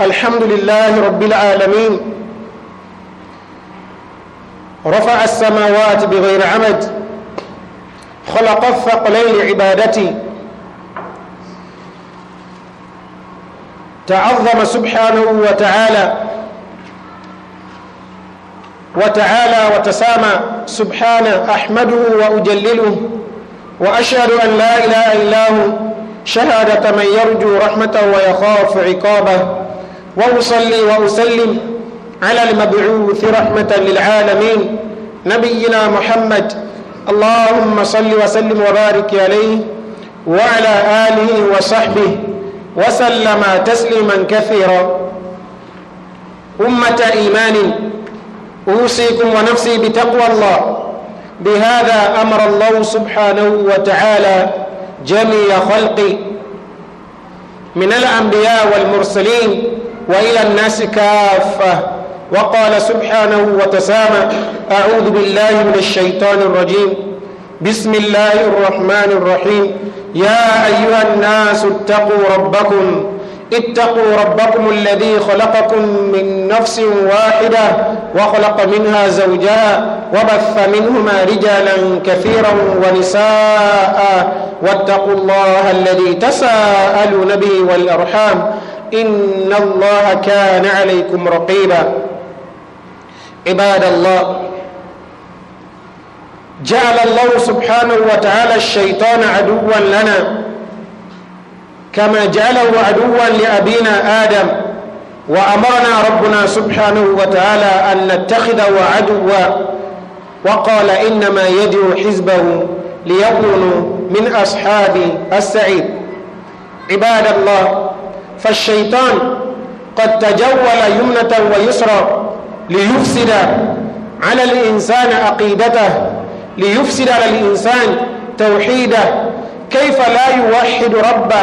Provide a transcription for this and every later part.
الحمد لله رب العالمين رفع السماوات بغير عمد خلق الثقلين لعبادتي تعظم سبحانه وتعالى وتعالى وتسامى سبحانه أحمده وأجلله وأشهد أن لا إله إلا هو شهادة من يرجو رحمته ويخاف عقابه وأصلي وأسلم على المبعوث رحمة للعالمين نبينا محمد اللهم صل وسلم وبارك عليه وعلى آله وصحبه وسلم تسليما كثيرا أمة إيمان أوصيكم ونفسي بتقوى الله بهذا أمر الله سبحانه وتعالى جميع خلقه من الأنبياء والمرسلين وإلى الناس كافة وقال سبحانه وتسامى أعوذ بالله من الشيطان الرجيم بسم الله الرحمن الرحيم يا أيها الناس اتقوا ربكم اتقوا ربكم الذي خلقكم من نفس واحدة وخلق منها زوجها وبث منهما رجالا كثيرا ونساء واتقوا الله الذي تساءلون به والأرحام إن الله كان عليكم رقيبا عباد الله جعل الله سبحانه وتعالى الشيطان عدوا لنا كما جعله عدوا لأبينا آدم وأمرنا ربنا سبحانه وتعالى أن نتخذه عدوا وقال إنما يدعو حزبه ليكونوا من أصحاب السعيد عباد الله فالشيطان قد تجول يمنة ويسرى ليفسد على الإنسان عقيدته ليفسد على الإنسان توحيده كيف لا يوحد ربه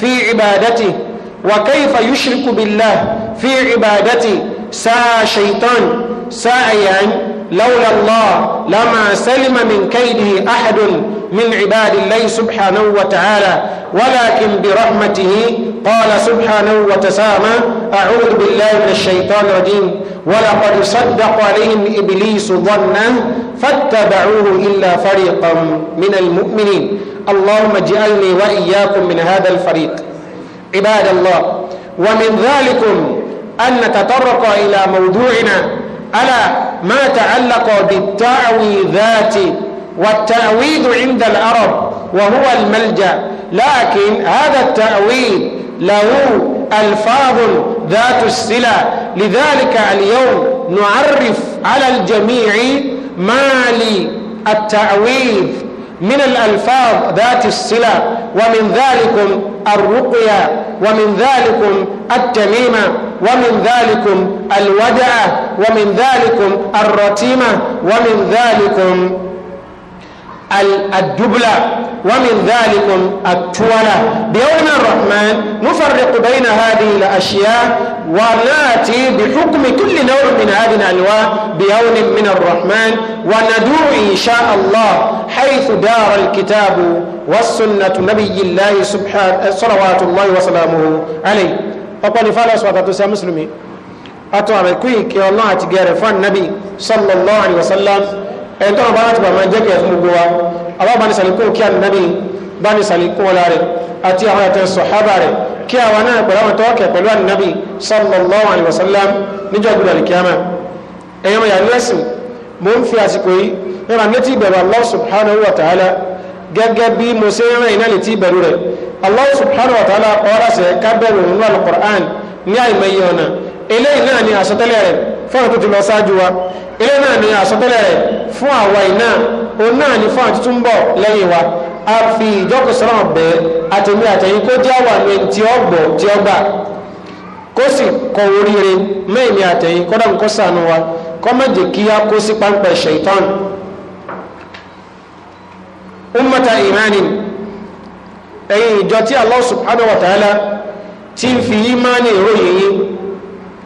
في عبادته وكيف يشرك بالله في عبادته ساء شيطان ساء يعني لولا الله لما سلم من كيده أحد من عباد الله سبحانه وتعالى ولكن برحمته قال سبحانه وتسامى أعوذ بالله من الشيطان الرجيم ولقد صدق عليهم إبليس ظنا فاتبعوه إلا فريقا من المؤمنين اللهم اجعلني وإياكم من هذا الفريق عباد الله ومن ذلكم أن نتطرق إلى موضوعنا على ما تعلق بالتعويذات والتأويد عند العرب وهو الملجأ لكن هذا التأويد له ألفاظ ذات السلة لذلك اليوم نعرف على الجميع ما للتعويذ من الألفاظ ذات السلة ومن ذلكم الرقية ومن ذلكم التميمة ومن ذلكم الودعة ومن ذلكم الرتيمة ومن ذلكم الدبلة ومن ذلك التولى بيوم الرحمن نفرق بين هذه الأشياء ونأتي بحكم كل نور من هذه الأنواع بيوم من الرحمن وندور إن شاء الله حيث دار الكتاب والسنة نبي الله سبحانه صلوات الله وسلامه عليه فقال فعلا سواتة مسلمي أتوى بكويك يا الله أتقارفان نبي صلى الله عليه وسلم ẹ̀tọ́ ọba láti bàmá jẹ́kẹ̀ fún gbogbo wa àwọn bá ní sàlékún kí ànábì bá ní sàlékún ọlá rẹ̀ àti àwọn àtẹ sọ̀hábà rẹ̀ kí àwọn náà pẹ̀lú àwọn tọ́wọ́kẹ̀ pẹ̀lú ànábì sallallahu alaihi wasallam níjọ́ gbọdọ̀ ní kíámà ẹ̀yọ́ yà lẹ́sìn mo ń fi àsìkò yìí rẹ̀ létí ìbẹ̀rù Allah subhanahu wa ta'ala gẹ́gẹ́ bí mo ṣe ń rìn náà létí ìbẹ̀rù rẹ̀ Allah subhanahu wa ta'ala ọ̀rọ̀ ni àsọtẹ́lẹ̀ rẹ̀ fún àwọn ti lọ ṣáájú wa eléyìí náà ni àsọtẹ́lẹ̀ rẹ̀ fún àwa iná òun náà ní fún àtúntún bọ̀ lẹ́yìn wa a fi ìjọkọ̀ sọ́rọ̀ bẹ́ àtẹ̀mí àtẹ̀yìn kó jẹ́ àwọn àmì tí ó gbọ̀ tí ó gbà kó sì kọ oríire mẹ́ẹ̀mí àtẹ̀yìn kọ́dà ń kó sànù wa kọ́ má jẹ́ kí a kó sí páńpẹ́ ṣèitán ummata imanin ẹ̀yin ìjọ tí Allah subhanahu wa ta'ala ti ń fi imani ìròyìn yín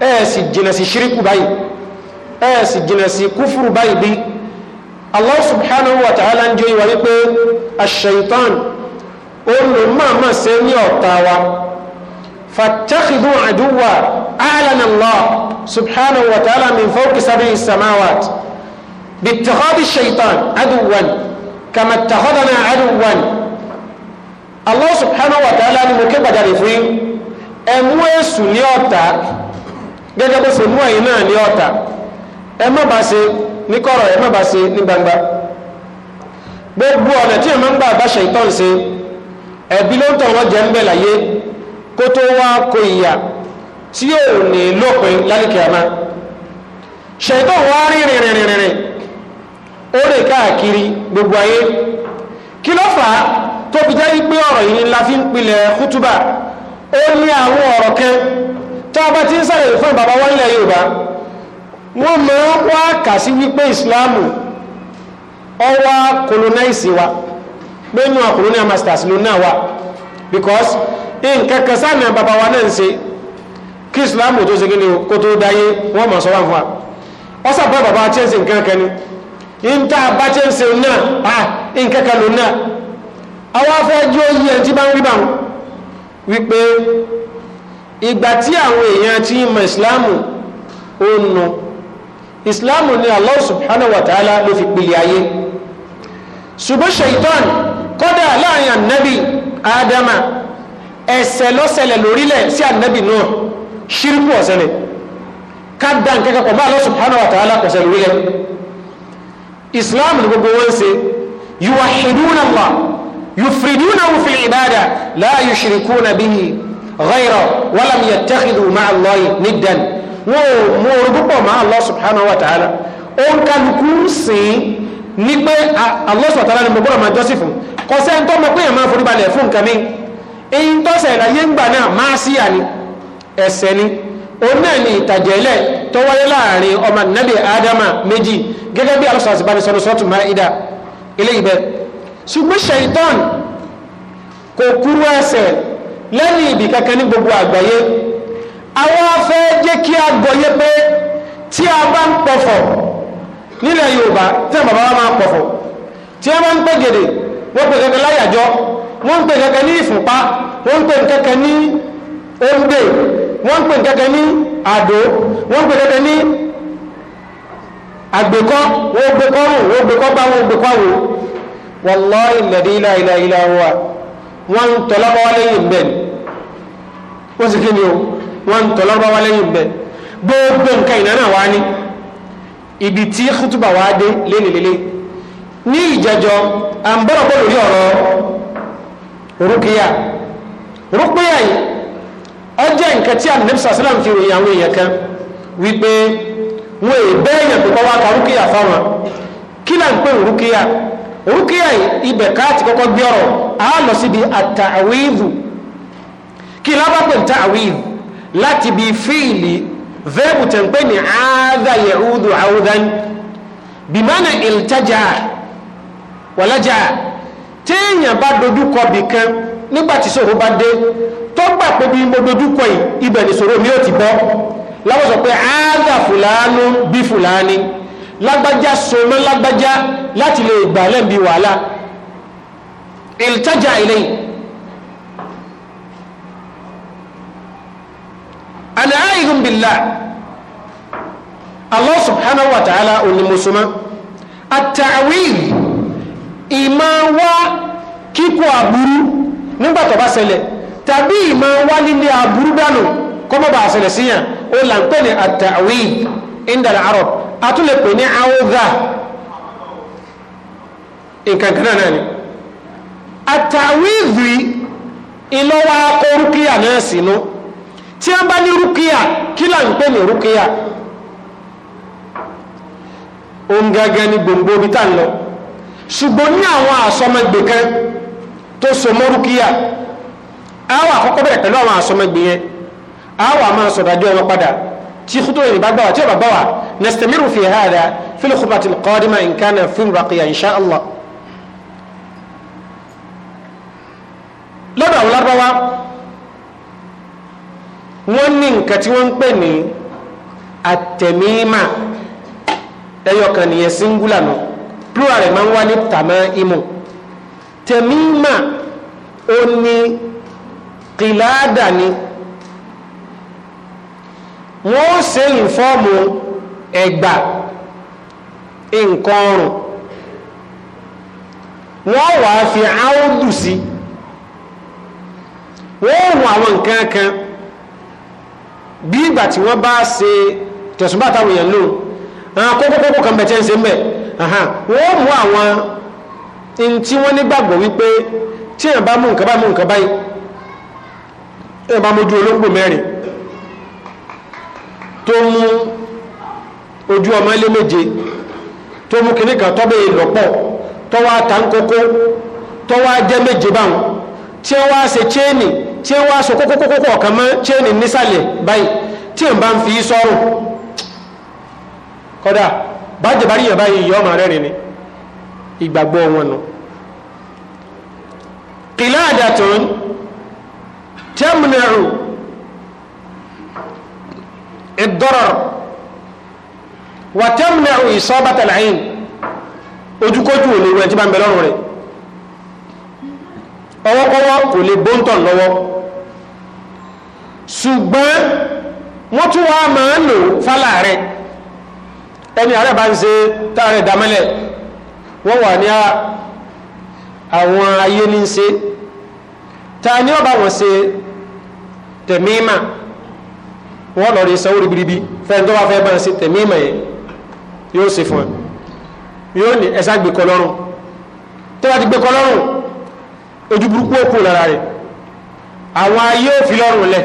ẹ̀ sì jìnà sí ṣíríkù báyìí ẹ̀ sì jìnà sí kúfùrù báyìí bíi Allah subhanahu wa ta'ala ń jó ìwà wípé ash-shaytan olùmọ̀ọ́mọ̀ sí ní ọ̀tá wa fàtàkìdù àdúwà àlànà Allah subhanahu wa ta'ala min fawqi sab'i samawat باتخاذ الشيطان عدوا كما اتخذنا عدوا الله سبحانه وتعالى ni mo ké gbàjarè fún yín ẹ mú èṣù ní ọ̀tá gẹ́gẹ́ bó ṣe mú ẹ̀yin náà ní ọ̀tá ẹ má bá ṣe ní kọ̀rọ̀ ẹ̀ má bá ṣe ní gbangba gbogbo ọ̀nà tí èèmọ̀ ń gbà bá ṣèǹtọ́n ṣe ẹ̀bí ló ń tọ̀ wọ́n jẹ́ ń bẹ̀ láyé kó tó wá kó ìyà tí ò ní lópin lálẹ́kẹ̀ àmá ṣèǹtọ́n wá rìnrìn rìnrìn ó rè káàkiri gbogbo ayé kí ló fà á tó fi jẹ́ wípé ọ̀rọ̀ yìí la fi ń pilẹ̀ kútúbà ó ní àwọn ọ̀rọ̀ kan tá bá ti ń sàlẹ̀ fún bàbá wọn ilẹ̀ Yorùbá wọ́n máa ń wá kà wípé ìsìláàmù ọwá colonize wa pé inú colonial masters ló náà wà because nǹkan kan sáàmì bàbá wa náà ń ṣe kí ìsìláàmù tó ṣe kíni kó tó dáyé wọ́n máa sọ fún wa ọ sàbọ̀ bàbá wa chẹ́ǹsì nǹkan kan ni ń tá a bá chẹ́ǹsì náà à nǹkan kan ló náà àwọn afẹ́jú oyè ẹ̀ tí bá ń rí báwọn wípé ìgbà tí àwọn èèyàn ti mọ ìsìláàmù ó nu islam ni allah subhanahu wa ta'ala ló fi pìlẹ̀ ayé ṣùgbọ́n shaitan kọ́dà láàrin annabi adama ẹ̀ṣẹ̀ ló ṣẹlẹ̀ lórílẹ̀ sí annabi náà ṣírkù ó ṣẹlẹ̀ kádà nkẹ́kẹ́ pọ̀ bá allah subhanahu wa ta'ala kò ṣẹlẹ̀ lórílẹ̀ islam ni gbogbo wọn ṣe yuwahiduna allah yufridunahu fil ibada la yushrikuna bihi ghayra walam yattakhidhu ma'a allahi niddan wọn ò mú orogún pọ̀ mọ́ wa ta'ala ó ń kálukú sìn ní pé Allah subhanahu ni mo gbọ́dọ̀ máa jọ́sìn fún kò sẹ́ni tó mọ̀ pé èèyàn máa forí fún nǹkan mi èyí tó sẹ̀lá ń gbà náà máa sí àní ẹ̀sẹ̀ ni òun náà ni ìtàjẹ̀lẹ̀ tó wáyé láàrin ọmọ nàbì bi méjì gẹ́gẹ́ bí Allah subhanahu wa Maida ilé ìbẹ̀ ṣùgbọ́n ṣèitán kò kúrú ẹsẹ̀ àwọn afẹ́ jẹ́ kí a gbọ́yé pé tí a bá ń pọ̀fọ̀ nílẹ̀ Yorùbá tí àwọn bàbá wa máa pọ̀fọ̀ tí a máa ń pè gèdè wọ́n pè kẹ́kẹ́ láyàjọ́ wọ́n pè kẹ́kẹ́ ní ìfúnpá wọ́n pè kẹ́kẹ́ ní ondé wọ́n pè kẹ́kẹ́ ní àdó wọ́n pè kẹ́kẹ́ ní àgbékọ́ wọ́n gbékọ́ rùn wọ́n gbékọ́ bá wọ́n gbékọ́ wò wallahi alladhi la ilaha illa huwa wọ́n tọ́lọ́mọ́ wálé yìí bẹ́ẹ̀ ni wọ́n sì kí ni o wọ́n ń tọ́lọ́rọ́ wá lẹ́yìn bẹ́ẹ̀ gbogbo nǹkan ìná náà wá ní ibi tí kútùbà wá dé lénìlélẹ́ ní ìjẹjọ à ń bọ́rọ̀ pọ̀ lórí ọ̀rọ̀ rúkìá rúkìá yìí ọjọ́ nǹkan tí àmì nẹ́bùsà sílẹ̀ ń fi ròyìn àwọn èèyàn kan wípé wọn è bẹ́ẹ̀yàn pípọ́ wá ka rúkìá fáwọn kí là ń pè rúkìá rúkìá yìí ibẹ̀ káàtì kọ́kọ́ gbé ọ̀rọ̀ àá lọ síbi àtàwíìdù kí lábàpẹ̀ tàwíìdù láti bí fíìlì vẹ́ẹ̀bù tẹ̀ ń pè ní áádá yẹ̀údù áúdán bí mánà ìltajà wàlájà téèyàn bá dojúkọ bì kan nígbàtí ṣòro bá dé tó gbà pé bí mo dojúkọ yìí ibẹ̀ ni ṣòro mi ò ti bọ́ láwọn sọ pé áádá fùlánú bí fùlání lágbájá sọmọ lágbájá láti lè gbà lẹ́bi billah Allah subhanahu wa ta'ala òní mùsùlùmá àtàwíl ìmọ̀ wá kíkó àbúrú nígbà tó bá ṣẹlẹ̀ tàbí ìmọ̀ wá lílé àbúrú dànù kó mọ́ bá ṣẹlẹ̀ síyàn ó là ń pè ní àtàwíl indal arab a tún lè pè ní àwògà nǹkan náà ni àtàwíl ìlọ́wọ́ akọrúkíyà náà sínú tí wọ́n bá ní rúkìá kí là ń pè ní rúkìá òun gẹ́gẹ́ ní gbòǹgbò bí tá ń lọ ṣùgbọ́n ní àwọn àsọmẹgbè kan tó so mọ́ rúkìá àwọn àkọ́kọ́ bẹ̀rẹ̀ pẹ̀lú àwọn àsọmẹgbè yẹn àwọn àmọ́ sọ̀dájọ́ wọn padà tí kútó yìí bá gbáwà tí ó bá gbáwà nastamiru fi hada fil khutbati alqadima in kana fi insha Allah lọ́dọ̀ àwọn lárúbáwá wọ́n ní nǹkan tí wọ́n ń pè ní àtẹ̀mímà ẹyọkan nìyẹn singular nù plural rẹ̀ máa ń wá ní tàmá imú tẹ̀mímà ó ní kìláàdà ni wọ́n ó ṣe ìfọ́ọ̀mù ẹ̀gbà nǹkan ọrùn wọ́n wàá fi áódù sí wọ́n ó wọ àwọn nǹkan kan. kan bí ìgbà tí wọ́n bá ṣe tẹ̀sùnbà táwọn èèyàn lò àwọn kókókókó kan bẹ̀ tẹ́ ń ṣe mẹ́ wọ́n mú àwọn in tí wọ́n nígbàgbọ́ wípé tí èèyàn bá mú nǹkan bá mú nǹkan báyìí èèyàn bá mójú olóńgbò mẹ́rin tó mú ojú ọmọ ilé méje tó mú kinní kan tọ́bẹ̀ lọ́pọ̀ tọ́wọ́ àtàǹkókó tọ́wọ́ ajẹ́ méje báwọn tí wọ́n wá ṣe chéènì tí wá aṣọ kókókókó ọ̀kan mọ́ chain nísàlẹ̀ báyìí tí n bá ń fi í sọ́rùn kódà bájẹ̀ bá báyìí ni ìgbàgbọ́ wọn nù. qiladatun tamna'u ad-darar wa tamna'u isabata al ojúkójú ò lè tí bá ń lọ́rùn rẹ̀ kò lè bóńtọ̀ ṣùgbọ́n wọ́n tún wá máa ń lò fálà rẹ̀ ẹni ààrẹ bá ń ṣe táàrẹ dámẹ́lẹ̀ wọ́n wà ní àwọn ayé ní ṣe ta ni ọba wọn ṣe tẹ̀míìmà wọ́n lọ rí sanwó ribiribi fẹ́ni tó bá fẹ́ bá ń ṣe tẹ̀míìmà yẹn yóò ṣe fún ẹ yóò ní ẹ̀sà gbé kọlọ́rùn tó bá ti gbé kọlọ́rùn ojú burúkú ó lára rẹ̀ àwọn ayé ò lọ́rùn lẹ̀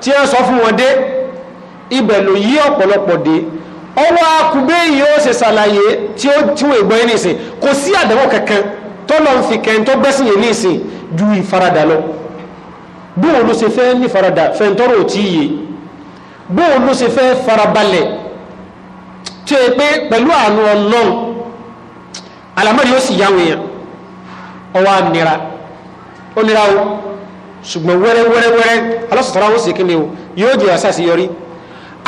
tí ẹ sọ fún wọn dé ibẹ̀ ló yí ọ̀pọ̀lọpọ̀ dé ọwọ́ akùgbé yìí ó ṣe ṣàlàyé tí ó tún ègbọ́ yìí nìsín kò sí àdánwò kankan tó lọ ń fi kẹ́hìn tó gbẹ́sìn yìí nìsín ju ìfaradà lọ bóun ló ṣe fẹ́ ní faradà fẹ́ntọ́rọ̀ ò tí yé bóun ló ṣe fẹ́ farabalẹ̀ tí ó pé pẹ̀lú àánú ọlọ́run alamọ́ni ó sì yáwó ọwọ́ ànira ó nira o ṣùgbọ́n wẹ́rẹ́wẹ́rẹ́wẹ́rẹ́ alọ́sọ̀tọ́ra ó sì kíni o yóò jẹ́ àṣàṣì yọrí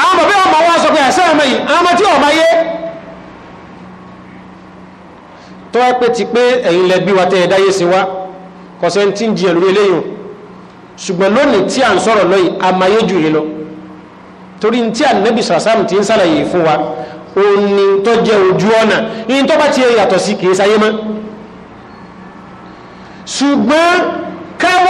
àwọn bàbá ọmọ wa sọ pé àṣà ọmọ yìí àwọn tí ọmọ yé tó wá pé ti pé ẹ̀yin lẹ wa tẹ́ dáyé sí wa kọ̀sẹ̀ tí ń jiyàn lórí eléyìí ṣùgbọ́n lónìí tí à ń sọ̀rọ̀ lọ́yìn amáyé jù yìí lọ torí tí ànábì sàrásàmù ti ń sàlàyé fún wa òní tó jẹ́ ojú ọ̀nà yìí tó bá ti yàtọ̀ sí kìí sáyé mọ́ ṣùgbọ́n káwọ́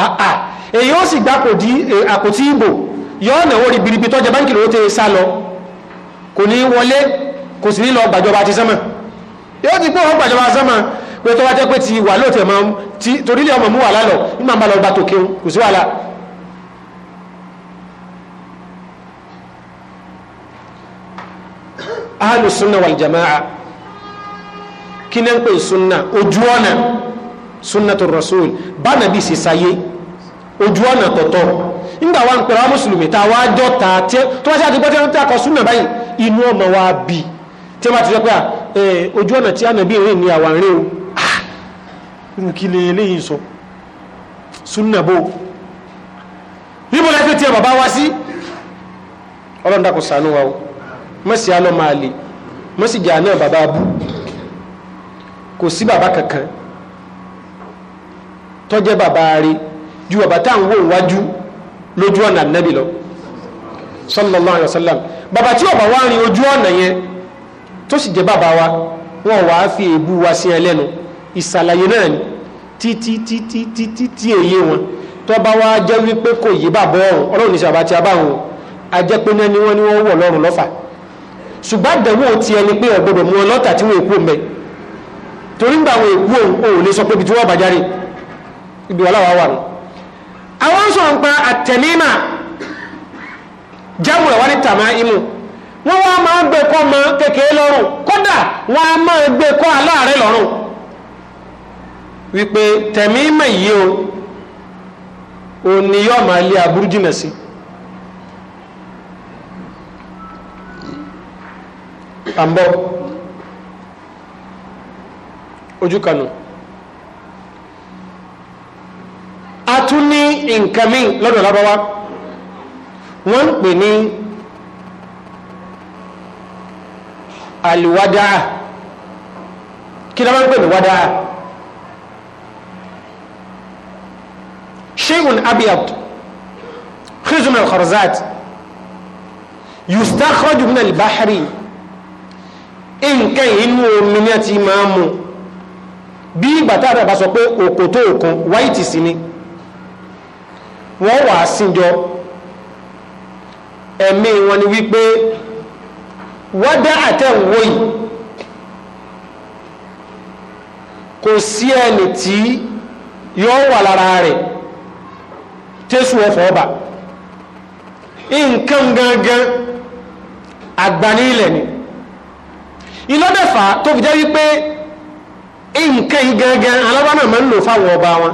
àà ah, ah. èyí ó sì gbá àkòtí ìbò yọ́ náwó ribiribi tọ́jẹ báńkì ló tẹ́ sá lọ kò ní wọlé kò sì ní gbàjọba ti sánmà yóò ti pé gbàjọba sánmà pé tó wá jẹ́ pé ti wà lóòtẹ̀ mọ́ ti torílẹ̀ ọmọ mú wà lálọ bá kò sí wàhálà kí ojú ọ̀nà sunnatu rasul bánàbí sì sáyé ojú ọ̀nà tọ̀tọ̀ nígbà wa ń pẹ̀rọ mùsùlùmí tá a wá jọ ta tí tó wá sí àti gbọ́tẹ́ tí a kọ súnà báyìí inú ọ̀nà wa bí tí a bá ti sọ pé ojú ọ̀nà tí a nà bí rìn ní àwọn àárín o irú kí lè léyìn sọ súnà bó níbo lẹ́fẹ́ tí a bàbá wá sí ọlọ́run dàkú sànú wa o mọ́sí alọ́ máa lè mọ́sí jà náà bàbá bú kò kankan tọ́jẹ́ bàbá rí ju bàbá tá à ń wò wájú lójú ọ̀nà ànábì lọ sallallahu alayhi wa sallam bàbá tí ọba wa rin ojú ọ̀nà yẹn tó sì jẹ́ bàbá wa wọn wàá fi èébú wa sí ẹlẹ́nu ìsàlàyé náà ni títí títí títí tí èyí wọn tọ́ba wa jẹ́ wípé kò yí bàbá ọ̀run ọlọ́run níṣẹ́ bàbá tí a bá wọn a jẹ́ pé náà ni wọ́n ní wọ́n wọ̀ lọ́rùn lọ́fà ṣùgbọ́n àdánwò ti ẹni pé ọ̀gbọ́dọ̀ mú ọ lọ́tà tí wọ́n èkú mẹ́ torí gbà àwọn èkú òun òun lè sọ pé ibi tí wọ́n bàjá rè é ibi wà láwàá wà nù àwọn sọ ń pa àtẹ̀mímà jáwù ẹ̀ wá ní tàmá imú wọ́n wá máa ń gbé kọ́ ọmọ kékeré lọ́rùn kódà wọ́n á máa gbé kọ́ aláàárẹ̀ lọ́rùn wípé tẹ̀mímà yìí o òní yóò máa lé aburú jìnà sí àmbọ́ ojú kanu. a tún ní nǹkan míì lọ́dọ̀ lábáwá wọ́n ń pè ní àlùwádáà kí ló máa ń pè ní wádáà shay'un abyad khizun al-kharzat yustakhraju min al-bahri nǹkan inú omi ní àti máa mú bí ìgbà tá a sọ pé òkòtó òkun wáìtì sí ni. wọ́n wà á síjọ ẹ̀mí wọn ni wípé wádá àtẹ̀wò yìí kò sí ẹni tí yóò wà lára rẹ̀ tẹ́sù ọ̀fọ̀ ọba nǹkan gangan àgbàní ilẹ̀ ni ìlọ́dẹ̀fà tó fi jẹ́ wípé nǹkan gangan alábánà máa ń lò fáwọn ọba wọn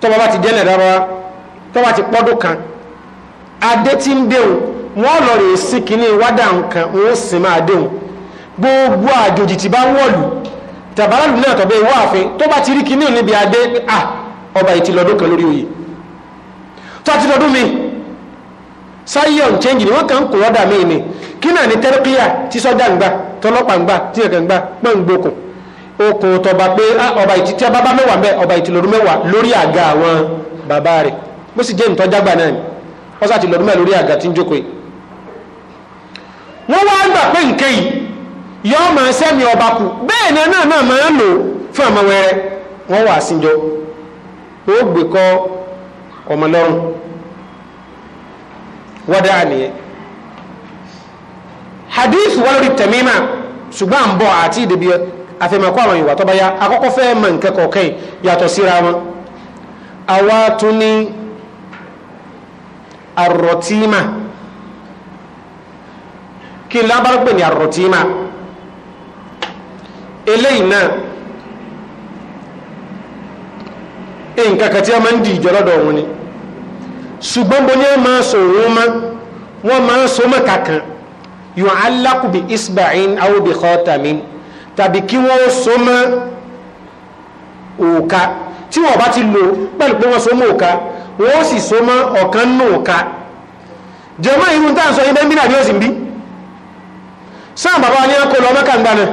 tọ́ba bá ti jẹ́lẹ̀ dára tó bá ti pọ́dún kan adé tí ń déhùn wọ́n lọ rè sí kínní wádà nǹkan gbogbo àjòjì ti bá ń wọ̀lú náà tọ́bẹ̀ ìwọ́ àfin tó bá ti rí kínní níbi adé à ọba ìtì lọ́dún kan lórí oyè tó àti lọ́dún mi ni wọ́n kàn ń kó mí ọba ìtì tí a bá bá mẹ́wàá mẹ́ ọba ìtì lọ́dún mẹ́wàá lórí àga àwọn bó sì jẹ́ ìtọ́jágbà náà ni wọ́n sá ti lọ́dún mẹ́rin lórí àga tí ń jókòó wọ́n wá gbà pé nǹkan yìí yọ́ máa sẹ́mi ọba kù bẹ́ẹ̀ ni náà náà máa ń lò fún ọmọ wẹrẹ wọ́n hadith wà lórí tẹ̀mímà ṣùgbọ́n à ń bọ̀ àti ìdèbí àwọn ìwà akọ́kọ́ fẹ́ mọ̀ àrọ̀tíma kí lábára pè ní àrọ̀tíma eléyìí náà nǹkan kan tí a máa ń di ìjọlọ́dọ̀ wọn ni ṣùgbọ́n bó ní ẹ máa sọ òun mọ́ wọ́n máa ń so mọ́ kankan yóò alákù isba'in awo bí tàbí kí wọ́n so mọ́ òòka tí wọ́n bá ti lò pẹ̀lú pé wọ́n so mọ́ òòka wọ́n sì so mọ́ ọ̀kan nù ká jẹ́mọ́ irun tá à ń sọ ibẹ́ mbínà bí ó sì ń bí sáà bàbá wa ní ọkọ̀ lọ mẹ́ka ńgbà náà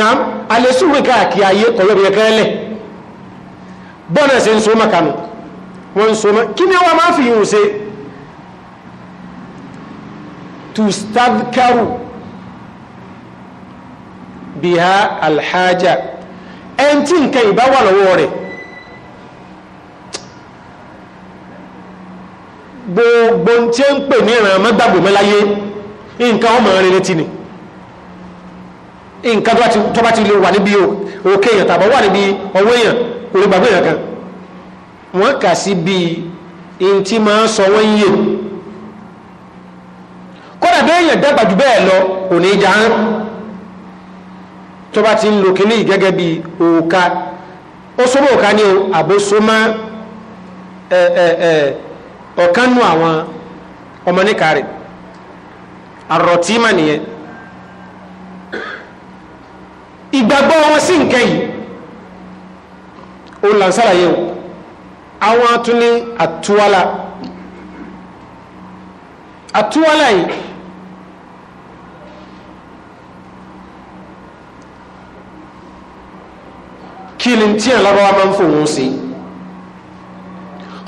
náà alẹ́ sùúrù káàkiri ayé kọ̀yọ́ bí nǹkan ìbá lọ́wọ́ rẹ̀ gbogbo tí ó ń pè ní ìrìn àmọ́ gbàgbé mẹ́láyé nǹkan ọmọ rẹ̀ retí ni nǹkan tó bá ti lè wà níbi òkè èèyàn tàbí wà níbi ọwọ́ èèyàn orí gbàgbé èèyàn kan wọ́n kà sí bí in tí máa ń sọ wọ́n ń yè kódà bí èèyàn dàgbà jù bẹ́ẹ̀ lọ kò ní í jahán tó bá ti ń lo kínní gẹ́gẹ́ bí òòka ó súnmọ́ òòka ní àbósúnmọ́ ẹ̀ẹ̀ẹ̀ẹ̀ ọ̀kan nu àwọn ọmọ níka rẹ̀ àrọ̀tìmà nìyẹn ìgbàgbọ́ wọn sí nǹkan yìí ó là ń sàlàyé o àwọn atúní àtúwálà àtúwálà yìí kí ni tí àlábáwá máa ń fòun sí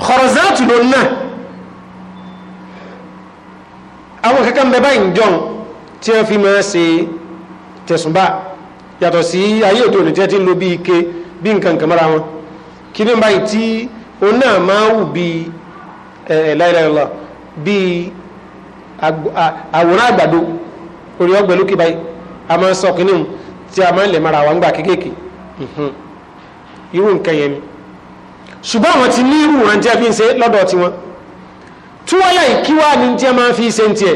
kọ̀rọ̀zátù ló náà àwọn kankan bẹ báyìí jọ tí wọ́n fi máa ṣe tẹ̀sùnbà yàtọ̀ sí ayé òtò ní tí wọ́n ti ń lo bí ike bí nǹkan kan mọ́ra wọn kí ní báyìí tí òun náà máa wù bí ẹ̀ẹ́dáìláìlá bí àwòrán àgbàdo orí ọgbẹ lókè báyìí a máa ń sọ kínní mu tí a máa ń lè mara wa ń gbà kékèké irú nǹkan yẹn ni ṣùgbọ́n àwọn ti ní irú ìrántí ẹbí ń ṣe lọ́dọ̀ tiwọn tuwala ikiwa ni ntị ọ ní tí a máa fi ṣe ń ẹ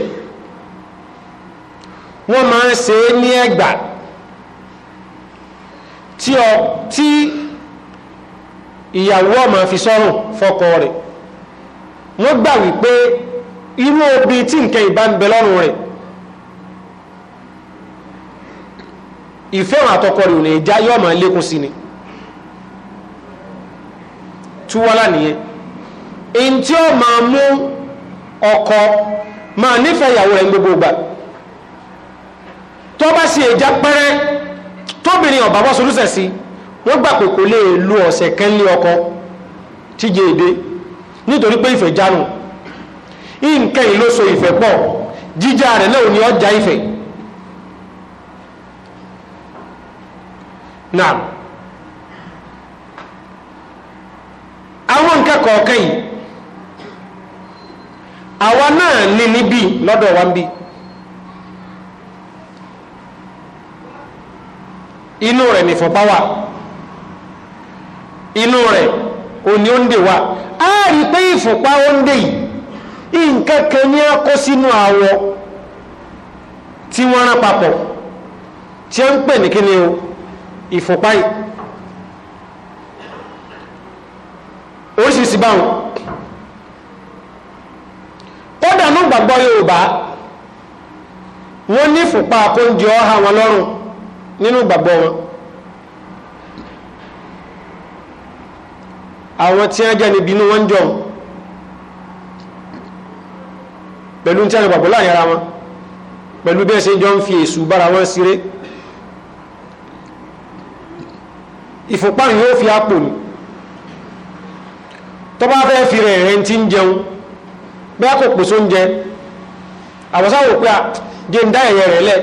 wọn máa ṣe é ní ẹ̀gbà tí ìyàwó ọmọ fi sọ́rùn fọ́kọ rẹ gbà wípé irú obi tí nǹkan ìbá ń bẹ lọ́rùn rẹ̀ ìfẹ́ràn àtọkọ rẹ̀ ò ní já si ni tuwala nìyẹn èyí tí ó máa mú ọkọ máa nífẹ̀ẹ́ ìyàwó rẹ̀ gbogbo gba tó bá sì èjá pẹ́rẹ́ tóbìnrin ọ̀bá bọ́ solúsẹ̀ sí wọ́n gbà pé kò lè ọkọ tíje èdè nítorí pé ìfẹ́ jánu nǹkan ló so ìfẹ́ pọ̀ jíjá rẹ̀ ni ọjà ìfẹ́ náà àwọn yìí àwa náà ní níbí lọ́dọ̀ wa ń bí inú rẹ̀ nìfọ̀pá wà inú rẹ̀ òní oúnjẹ wà á rí pé ìfọ̀pá oúnjẹ yìí nǹkan kan ní a kó sínú àwọ̀ tí wọ́n rán papọ̀ tí a ń pè ní kíni o ìfọ̀pá yìí oríṣiríṣi báwọn kódà mú gbàgbọ́ Yorùbá wọ́n ní fùpa àkóúnjẹ ọ̀hà wọn lọ́rùn nínú gbàgbọ́ wọn àwọn tí wọ́n jẹ́ níbi inú wọn jọ pẹ̀lú tí wọ́n gbàgbọ́ láàrin ara wọn pẹ̀lú bí ẹ̀ṣẹ̀ jọ ń fi èṣù bára wọn ṣeré ìfúnpá yóò fi àpò ní tó fẹ́ fi rẹ̀ rẹ̀ ti ń jẹun bẹ́ẹ̀ kò pèsè oúnjẹ àwọ̀sáwò pé à jẹ́ ń dá ẹ̀yẹ rẹ̀ lẹ̀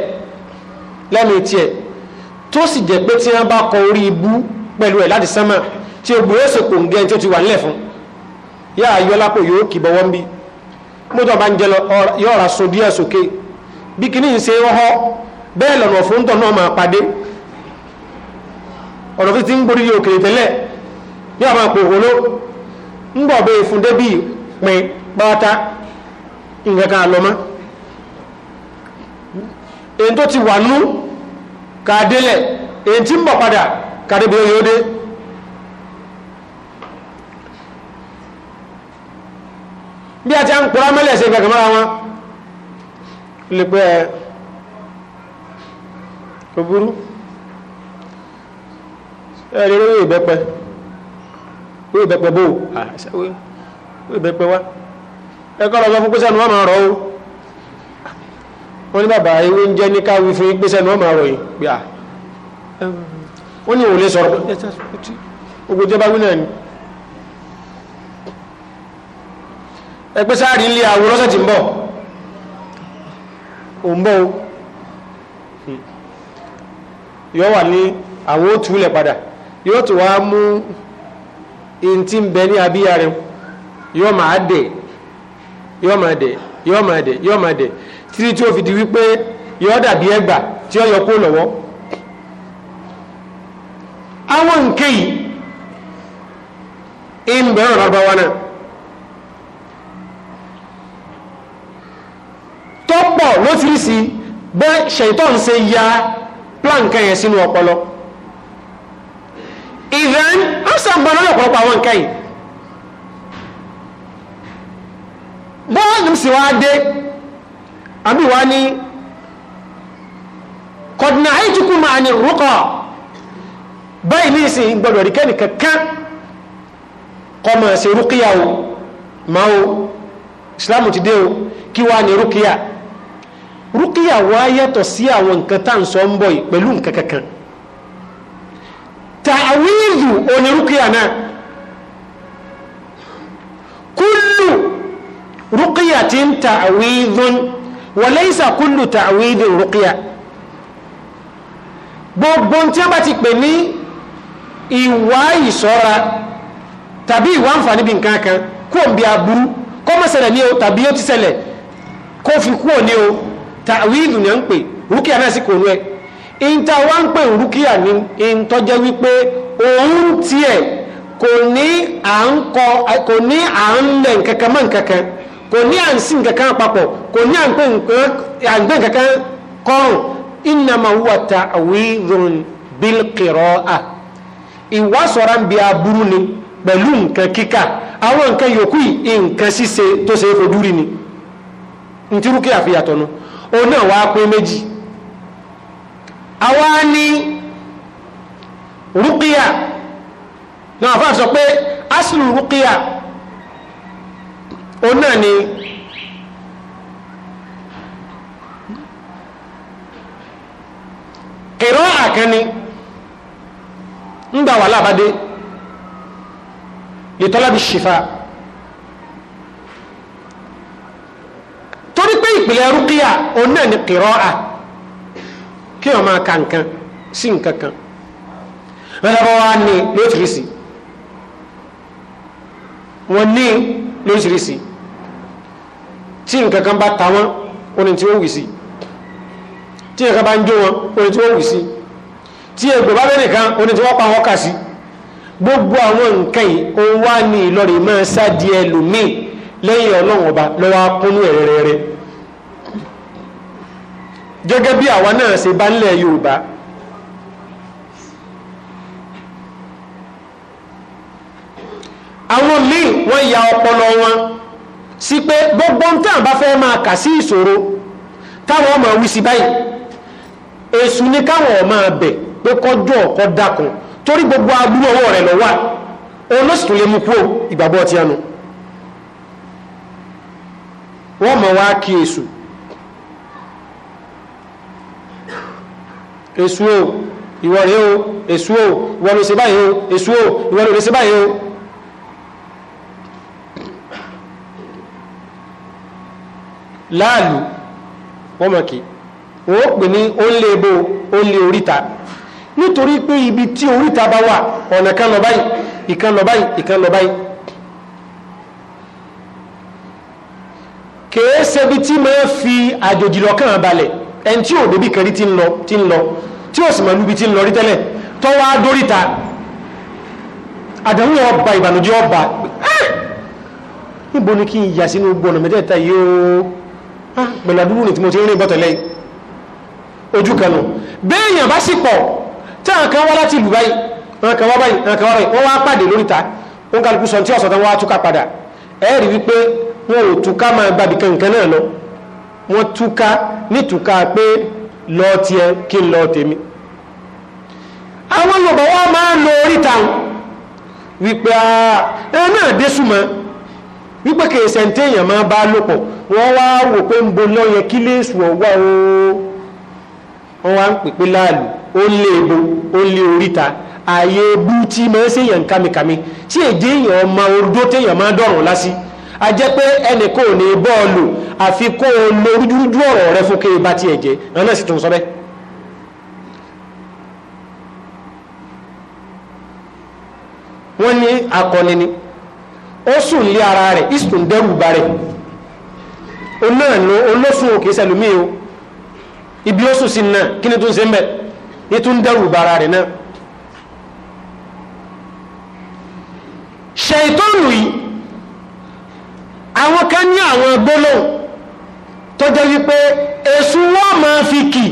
lẹ́nu tiẹ̀ tó sì jẹ́ pé tí wọ́n bá kọ orí ibú pẹ̀lú ẹ̀ láti sánmà tí ti wà nílẹ̀ fún yá yóò kì bọ́wọ́ ń bí mọ́tò bá ń jẹ yọ so díẹ̀ sókè bí kìíní ń ṣe ọhọ́ bẹ́ẹ̀ lọ́nà ọ̀fun tọ̀ náà máa pàdé ọ̀rọ̀ fi ti ń gborí tẹ́lẹ̀ pátá nǹkan kan lọ́mọ́ èyí tó ti wà nú kàdélẹ̀ èyí tí ń bọ̀ padà kàdébìrì yóò dé bí a ti ń kura mẹ́lẹ̀ sí ìgbàgbọ́ ara wọn lè pẹ́ ẹ kò burú ẹ lè rí ìbẹ́pẹ ìbẹ́pẹ ah, wá ẹkọ́ lọ sọ fún pẹ́sẹ̀nù ọmọ ọ̀rọ̀ o wọ́n ní bàbá ewé ń jẹ́ ní káwí fún pẹ́sẹ̀nù ọmọ ọ̀rọ̀ yìí pé à ó ní òun sọ̀rọ̀ ogun jẹ́ bá wí náà ni ẹgbẹ́ sáàrí ilé àwọ lọ́sẹ̀ tí ń bọ̀ ò ń bọ̀ o yọ wà ní àwọn òtúlẹ̀ padà yóò tó wá mú in tí ń bẹ ní abíyá rẹ yóò máa dẹ̀ yóò máa dẹ̀ yóò máa dẹ̀ yóò máa dẹ̀ títí tí ó fi di wípé yóò dàbí ẹgbà tí ó yọ kó lọ́wọ́ àwọn nǹkan yìí ń bẹ̀rẹ̀ lọ́gbàwá náà tó pọ̀ lóṣìṣì bẹ́ ṣètọ́n ṣe ya plánkà yẹn sínú ọpọlọ ìrẹ́n ọ̀sán gbọ́n lọ́pọ̀lọpọ̀ àwọn nǹkan yìí bọ́ọ̀lù sì wá dé àbí wá ní kọ̀dùnà àìjùkú máa ní rúkọ̀ báyìí ní ìsìn gbọdọ̀ rí kẹ́nì kankan kọmọ̀ sí rúkíyà o ma o islamu ti dé o kí wá ní rúkíyà rúkíyà wá yàtọ̀ sí àwọn nǹkan tá ń sọ ń bọ̀ pẹ̀lú nǹkan kankan kúlù رقية تعويذ وليس كل تعويذ رقية gbogbo tí a bá ti pè ní ìwà ìṣọ́ra tàbí ìwà àǹfààní bí nǹkan kan kúò bí aburú kó mọ́ ṣẹlẹ̀ ní o tàbí ó ti ṣẹlẹ̀ kó fi kúò ní o tàwíìlù ní à ń pè rúkìá náà sì kò rú ẹ wá ń pè rúkìá ní ìtọ́jẹ́ wípé òun tiẹ̀ kò ní à ń lẹ̀ nǹkankan mọ́ nǹkankan kò ní à ń sí nǹkankan papọ̀ kò ní à ń gbé nǹkankan kọrùn innama huwa a. bil qira'a ìwà sọ̀rọ̀ ń bi aburú ni pẹ̀lú nǹkan kíkà àwọn nǹkan yòókù yìí nǹkan ṣíṣe tó ṣe é fojú rí ni ntírúkẹ́ àfihàtọ̀ nu rukia náà wàá pé méjì àwa ní rúkìá náà sọ pé aslu rúkìá ó náà ni kẹrọ àkẹni ń gbà wà lábádé ìtọ́lábi ṣìfà torí pé ìpìlẹ̀ rúkìá ó náà ni kẹrọ à kí wọ́n máa ka nǹkan sí nǹkan kan wa ní lóṣìṣì wọ́n ní lóṣìṣì tí nǹkan kan bá ta wọ́n oní tí ó wì sí tí nǹkan bá ń jó wọn oní tí ó wì sí tí egbò bá bẹ́ẹ̀ nìkan oní tí wọ́n pa wọ́n kà sí gbogbo àwọn nǹkan yìí ó wá ní ìlọrin máa sáàdì ẹlòmíì lẹ́yìn ọlọ́run ọba lọ́wọ́ akúnú ẹ̀rẹ́rẹ́rẹ́ gẹ́gẹ́ bí àwa náà ṣe bá ńlẹ̀ yorùbá àwọn míì wọ́n ya ọpọlọ wọn sí pé gbogbo ń tàn bá fẹ́ máa kà sí ìṣòro táwọn ọmọ wí sí báyìí èṣù ní káwọn ọmọ bẹ̀ pé kọjọ́ ọkọ dákun torí gbogbo agbúrú ọwọ́ rẹ̀ lọ́wọ́ olóṣìṣẹ́ lè mú kúrò ìgbàgbọ́ ọtí ẹnu wọ́n mọ̀ wá kí èṣù èṣù o ìwọ rèé o èṣù o ìwọ ló ṣe báyìí o èṣù o ìwọ ló ṣe báyìí o láàlú wọ́n mọ̀ kí wọ́n pè ní ó ń lé ebo ó ń lé oríta nítorí pé ibi tí oríta bá wà ọ̀nà kan lọ báyìí ìkan lọ báyìí ìkan lọ báyìí kèé ṣebí tí máa fi àjòjì lọ́kàn balẹ̀ ẹni tí ò débi kan rí ti ń lọ ti ń lọ tí ò sì mọ̀ níbi ti ń lọ rí tẹ́lẹ̀ tọ́wọ́ adóríta àdánwò ọba ìbànújẹ́ ọba níbo ni kí n yà sínú gbọ́nà mẹ́tẹ̀ẹ̀ta yìí Ah, pẹ̀lú àdúgbò ní tí mo ti rìn bọ́tẹ̀lẹ́ ojú kanù béèyàn bá sì pọ̀ tí a kan wá láti ìlú báyìí àwọn kan wá báyìí àwọn kan wá báyìí wọ́n wá pàdé lóríta wọ́n kálukú sọ tí ọ̀sán tán wá túká padà ẹ rí wípé wọn ò túká máa gbàbí kankan náà lọ wọ́n túká nítúká pé lọ kí n àwọn Yorùbá wa máa ń lo oríta wípé ah, ẹ náà dé súnmọ́ wípé kìí sẹ́ńtẹ́ èèyàn máa bá lòpọ̀ wọ́n wá wò pé ń bo lọ́yẹ kí léèsù ọ̀wá o wọ́n wá ń pèpè láàlú ó ń lé ebo ó ń lé oríta ààyè ebú tí máa ń ṣèyàn kàmìkàmì tí èdè èèyàn ọmọ odó téèyàn máa dọ̀rùn lásì a jẹ́ pé ẹnì kò ní bọ́ọ̀lù àfi kó o lo rúdúrúdú ọ̀rọ̀ rẹ fún kéè e bá tiẹ̀ jẹ́ ẹ̀ náà sì tún sọ bẹ́ẹ̀. wọ́n ní akọni ni ó sùn lé ara rẹ̀ ìsùn dẹ́rù ba rẹ̀ olóòsùn òkè sẹlùmí o ibi ó sùn sí náà kí ni tún ṣe ń bẹ̀ ní tún dẹ́rù ba ara rẹ̀ náà ṣètọ́nù yìí àwọn kan ní àwọn gbólóhùn tó jẹ́ wípé èṣù wọ́n máa fi kì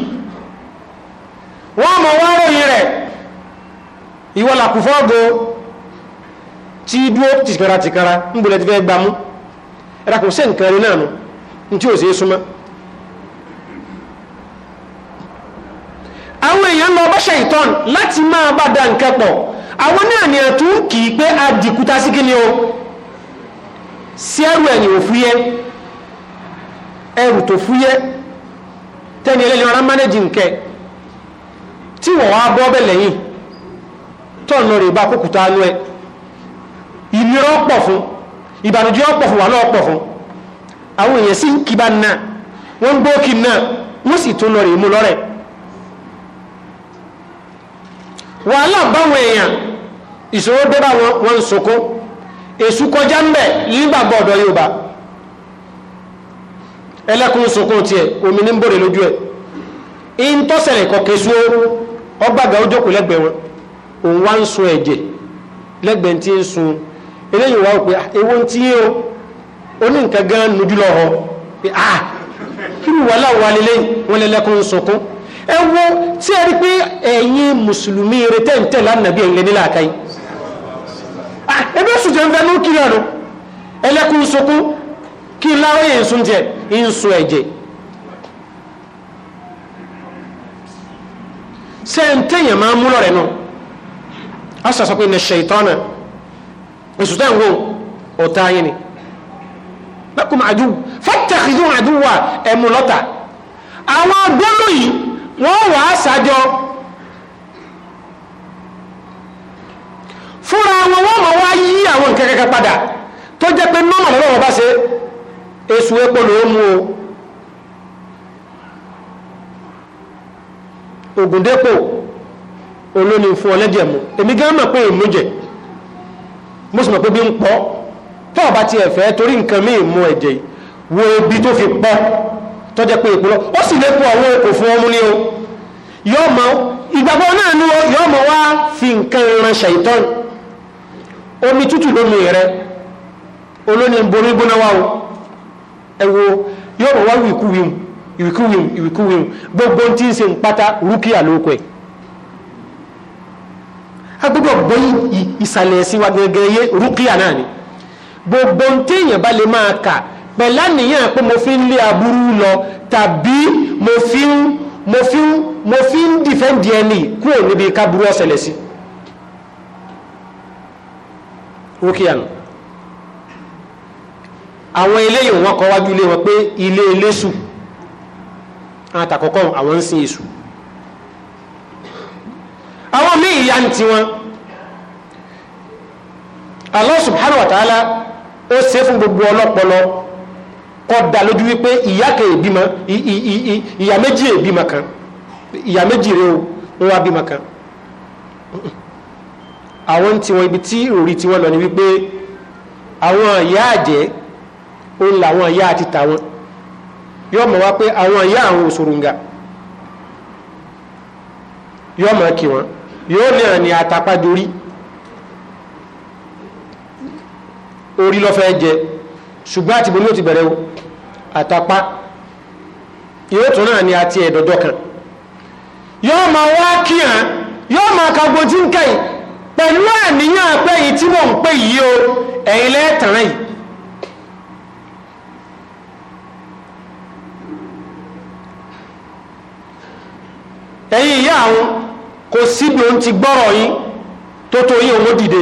wọ́n máa wá ròyìn rẹ̀ ìwọ́làkùfọ́gbò tí dúró tìkara tìkara ń bolẹ̀ ti fẹ́ gbámú ẹ̀dàkùn sẹ́ nǹkan rí náà nù ní tí ò sí súnmọ́ àwọn èèyàn lọ bá ṣàìtọ́n láti máa bá da nǹkan pọ̀ àwọn náà ni ẹ̀tú kì í pé adìkúta sí kí ni o sí ẹrù ẹ̀yìn ò fúyẹ́ ẹrù tó fúyẹ́ tẹ́ni ẹlẹ́ni ọ̀rá mánéjì nǹkẹ́ tí wọ́n wá bọ́ bẹ̀ lẹ́yìn tọ́ọ̀nù rẹ̀ bá kókùtà nú ẹ̀ ìlera ọ̀pọ̀ fún ìbànújẹ́ ọ̀pọ̀ fún wà náà fún àwọn èèyàn sì ń kíba náà wọ́n ń gbókì náà wọ́n sì tún lọ rè lọ́rẹ̀ èèyàn ìṣòro ń èṣù kọjá ń nígbàgbọ́ ọ̀dọ́ Yorùbá ẹlẹ́kùn soko tiẹ̀ omi ní lójú eléyìí wá pé ah, ewo ń tí yíò oní nǹkan gan nujú lọ họ pé ah kí ni wàhálà wà lélẹ́yìn wọn lẹ́lẹ́kùn ń sunkún ẹ wo tí ẹ rí pé ẹ̀yin mùsùlùmí retẹ́ ń tẹ̀lé ànàbí ẹ̀yìn lẹ́nílà àkáyé ah ebi oṣù jẹ́ ń fẹ́ lókì rẹ̀ lọ ẹlẹ́kùn sunkún kí n láwọ́ yẹn ń sun jẹ ń sun ẹ̀jẹ̀ sẹ́ńtẹ̀yẹ̀ máa ń múlọ̀ rẹ̀ náà a sọ sọ pé ní ṣèitọ́nà èsùtẹ́ ń wo ọ̀tá yín ni lakum àdú fatakhidhu àdúwà ẹ̀mú lọ́ta àwọn gbóló yìí wọ́n wà á sájọ fúnra wọn wọ́n mọ̀ wá yí àwọn nǹkan kẹ́kẹ́ padà tó jẹ́ pé nọ́mà lọ́wọ́ bá ṣe èsù epo ló mú o ògùndépò olóni fún ọlẹ́dẹ̀ẹ́mú èmi gán mọ̀ pé èmú jẹ́ mo sì mọ̀ pé bí ń pọ́ tó ọba ti ẹ̀fẹ́ torí nǹkan míì mú ẹ̀jẹ̀ wo ibi tó fi pọ́ tọ́jẹ́ pé ìpínlẹ̀ ó sì lé kó àwọn okò fún ọmú ní o yọ́ mọ́ ìgbàgbọ́ náà ní o wá ìwìkúwìm ìwìkúwìm ìwìkúwìm gbogbo tí ń ṣe ń pátá rúkìá lóko ẹ̀ agbọ́dọ̀ gbọ́ ìsàlẹ̀ ẹ̀sìn wa gẹ́gẹ́ yé rúkìá náà ni gbogbo téèyàn bá lè máa kà pẹ̀lá nìyàn pé mo fi ń lé aburú lọ tàbí mo fi ń mo fi ń mo fi ń dìfẹ́ǹdì ẹni kúrò níbi káburú ọ̀sẹ̀lẹ̀ sí rúkìá nù àwọn eléyìí wọn kọ wájú ilé wọn pé ilé eléṣù àtàkọ́kọ́ àwọn ń sin èṣù àwọn míì ya ní tiwọn Allah subhanahu wa ta'ala ó ṣe fún gbogbo ọlọ́pọlọ kọ́dà lójú wípé ìyá kan ìbímọ ìyá méjì ìbímọ kan ìyá méjì rẹ o wọn wá bímọ kan àwọn tí wọn ibi tí ìròrí tí wọn lọ ni wípé àwọn ìyá àjẹ́ ó ń ìyá àti tàwọn yóò mọ̀ wá pé àwọn ìyá àwọn òṣòròǹgà yóò mọ̀ kí wọn yóò lè rìn ní atapadorí orí lọ́fẹ́ jẹ ṣùgbọ́n àti bo ní ó ti bẹ̀rẹ̀ o àtapá yóò tún náà ní àti ẹ̀dọ̀dọ̀ kan yóò máa wá kíyàn yóò máa kagbo tí ń kẹ́yìn pẹ̀lú àníyàn pé yìí tí mò ń pè yìí o ẹ̀yìn lẹ́ẹ̀tàn yìí ẹ̀yìn ìyá àwọn kò síbi ohun tí gbọ́rọ̀ yín tó tó yí òun dìde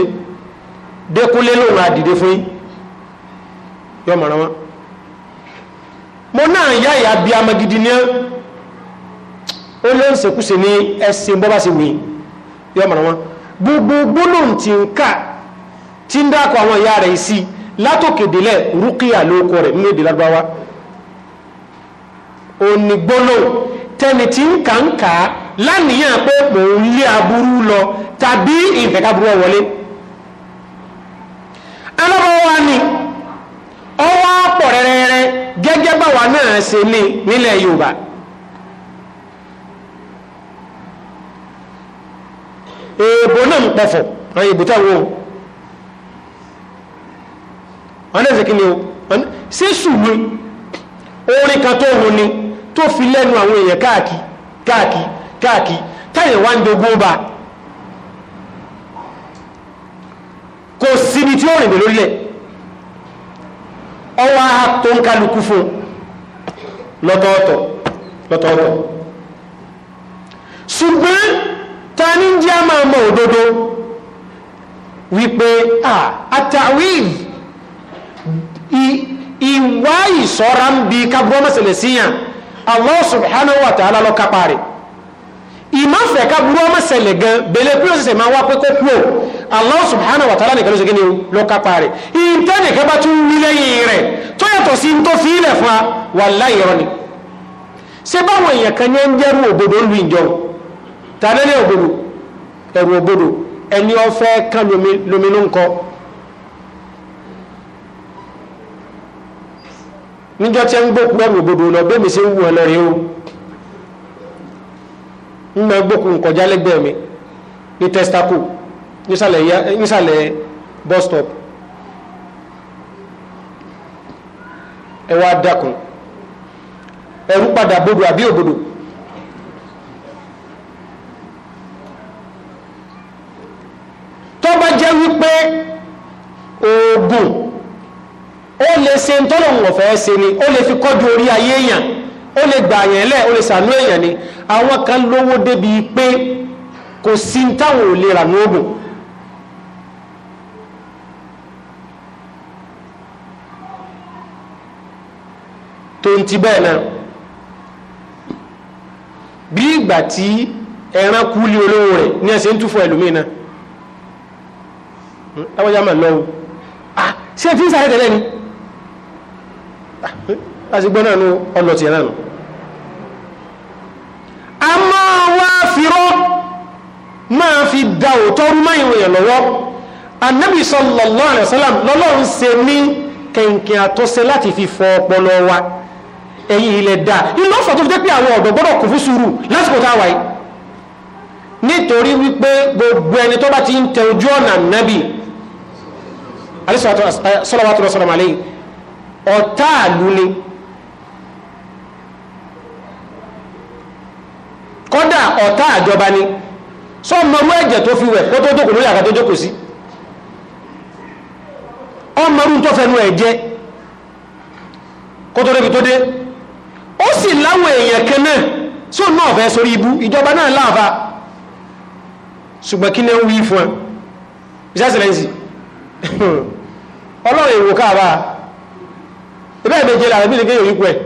dékúnlé lòun àdìde fún yín yọ mọ̀ràn wọn mo náà yá ìyá bí amagidi ní ó lé ìsèkúsè ní ẹsìn bọ́bá sí wìí yọ mọ̀ràn wọn gbogbo gbólóhùn tí ń kà tí ń dákọ̀ àwọn ìyá rẹ̀ sí látòkèdélẹ̀ rúkìá lóko rẹ̀ nínú èdè òní gbólóhùn tẹni tí ń kà ń kà lánìyàn pé mò ń lé aburú lọ tàbí ìfẹ̀káburú ọ̀wọ́lé alọ́bọ̀wá ni ọwọ́ pọ̀ rẹ̀rẹ̀rẹ̀ gẹ́gẹ́ báwa náà ṣe ní nílẹ̀ Yorùbá èèbò náà ń pọ̀fọ̀ àwọn èèbò wọn náà ṣèkí ni o ṣé sùnmi orin kan tó hun ni tó fi lẹ́nu àwọn èèyàn káàkiri káàkiri táyẹ̀ wá ń dogún bá kò síbi tí ó rìn dè lórílẹ̀ ọwọ́ a tó ń kálukú fún lọ́tọ̀ọ̀tọ̀ lọ́tọ̀ọ̀tọ̀ ṣùgbọ́n ta ní jẹ́ a máa mọ òdodo wípé àtàwí ìwá ìṣọ́ra ń bi ká gbọ́mọ̀sẹ̀lẹ̀ síyàn Allah subhanahu wa ta'ala lọ kápá rẹ̀ ìmọ̀fẹ́ ká burú ọmọ ṣẹlẹ̀ gan bẹ̀lẹ̀ pé ó ṣẹ̀ṣẹ̀ ma wá pé kó kú ò Allah subhanahu wa ta'ala nìkan ló ṣe gẹ́ni ló kápá rẹ̀ ìtẹ́nìkan bá tún wí lẹ́yìn rẹ̀ tó yàtọ̀ sí tó fi ilẹ̀ fún wa wallahi irọ́ ni ṣé báwọn èèyàn kan ní ń jẹ́rú òbodò lu ìjọ tàbí ní òbodò ẹ̀rù òbodò ẹni ọ̀fẹ́ kan lomi ló ń kọ́ níjọ́ tí ń gbókùn ẹ̀rù òbodò lọ bẹ́ẹ̀ mi ṣe ń wù ọ lọ rí o ń mọ gbókun kọjá lẹ́gbẹ̀ẹ́ mi ní testaco nísàlẹ̀ bus stop ẹ wá dákun ẹrú padà bodò àbí òbodò tó bá jẹ́ wípé oògùn ó lè ṣe ń tọ́lọ̀ ń wọ̀fẹ́ ṣe ni ó lè fi kọ́jú orí ayé èèyàn ó lè gbà yẹn lẹ̀ ó lè sànú èèyàn ni àwọn kan lówó débi pé kò sí táwọn ò lè rà ní oògùn tó ń ti bẹ́ẹ̀ náà bí ìgbà tí ẹran kú lé olówó rẹ̀ ní ẹsẹ̀ ń túfọ̀ ẹlòmíì náà hmm, lábọ́já mà lọ́wọ́ ah ṣé fi ń sáré ni láti ah, gbọ́ náà ní náà fírọ́ máa fi da òótọ́ rú máa ìwòyàn lọ́wọ́ anabi sallallahu alayhi wa sallam lọ́lọ́run ṣe ní kẹ̀kẹ́ àtọ́sẹ́ láti fi fọ ọpọlọ wa ẹ̀yìn ilẹ̀ dáa ilé ọ̀fọ̀ tó fi jẹ́ pé àwọn ọ̀dọ́ gbọ́dọ̀ kò fún sùúrù lásìkò táwa yìí nítorí wípé gbogbo ẹni tó bá ti ń tẹ ojú ọ̀nà nábì alẹ́ sọ́lọ́wọ́tò ọ̀tá àlúlé kọ́dà ọ̀tá àjọba ni sọ mọ̀rú ẹ̀jẹ̀ tó fi wẹ̀ kó tó jókòó lórí àga tó jókòó sí ọmọrú tó fẹnu ẹ̀jẹ̀ kó tó débi tó dé ó sì láwọn èèyàn kan náà tí ó náà fẹ́ sórí ibú ìjọba náà láàfa ṣùgbọ́n kí ní ń wí fún ẹ ìṣẹ́sìlẹ́sì ọlọ́run èwò káàbà ìbẹ́ẹ̀ méje làwọn ìbílẹ̀ yòókù ẹ̀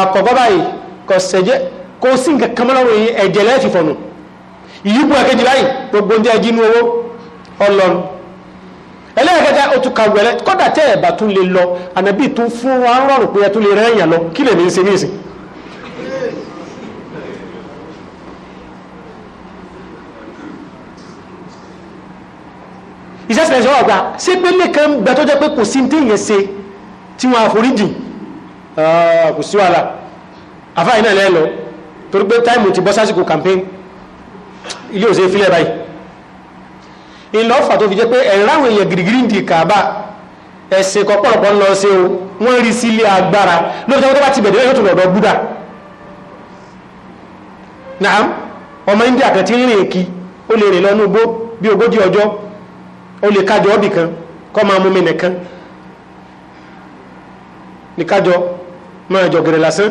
àkọ́kọ́ báyìí kò kò sí nǹkan kan mọ́láwọ̀ yìí ẹ̀jẹ̀ lẹ́ẹ̀fì fọ̀nù ìyípo ẹ̀kejì láì gbogbo ń jẹ́ ẹjínú owó ọlọ́run ẹlẹ́ẹ̀kẹta ó tún kàwé ẹlẹ́ kọ́dà tẹ́ ẹ̀bà tún lè lọ ànábì tún fún wa ń rọrùn pé ẹ tún lè rẹ́ èèyàn lọ kí lèmi ń ṣe níìsín ìṣẹ́sìlẹ̀ ìṣọ́wọ́ àgbà ṣé pé lẹ́kàn gbẹ tó jẹ́ pé kò sí tí ìyẹn ṣe tí wọ́n àforíjì kò sí wàhálà àfáà iná lẹ́ẹ̀ lọ torí pé táìmù ti bọ́ sásìkò campaign ilé òsè fílẹ̀ báyìí ìlọ́fà tó fi jẹ́ pé ẹ̀ráwọ̀ èèyàn gìrìgìrì ń di kàábà ẹ̀sìn kọ́pọ̀lọpọ̀ ń lọ sí o wọ́n rí sí ilé agbára lórí tẹ́wọ́n tó bá ti bẹ̀rẹ̀ yóò tún lọ́dọ̀ búdà naam ọmọ india kan ti ń rìn èkì ó lè rìn lọ́nú igbó bí ogójì ọjọ́ ó lè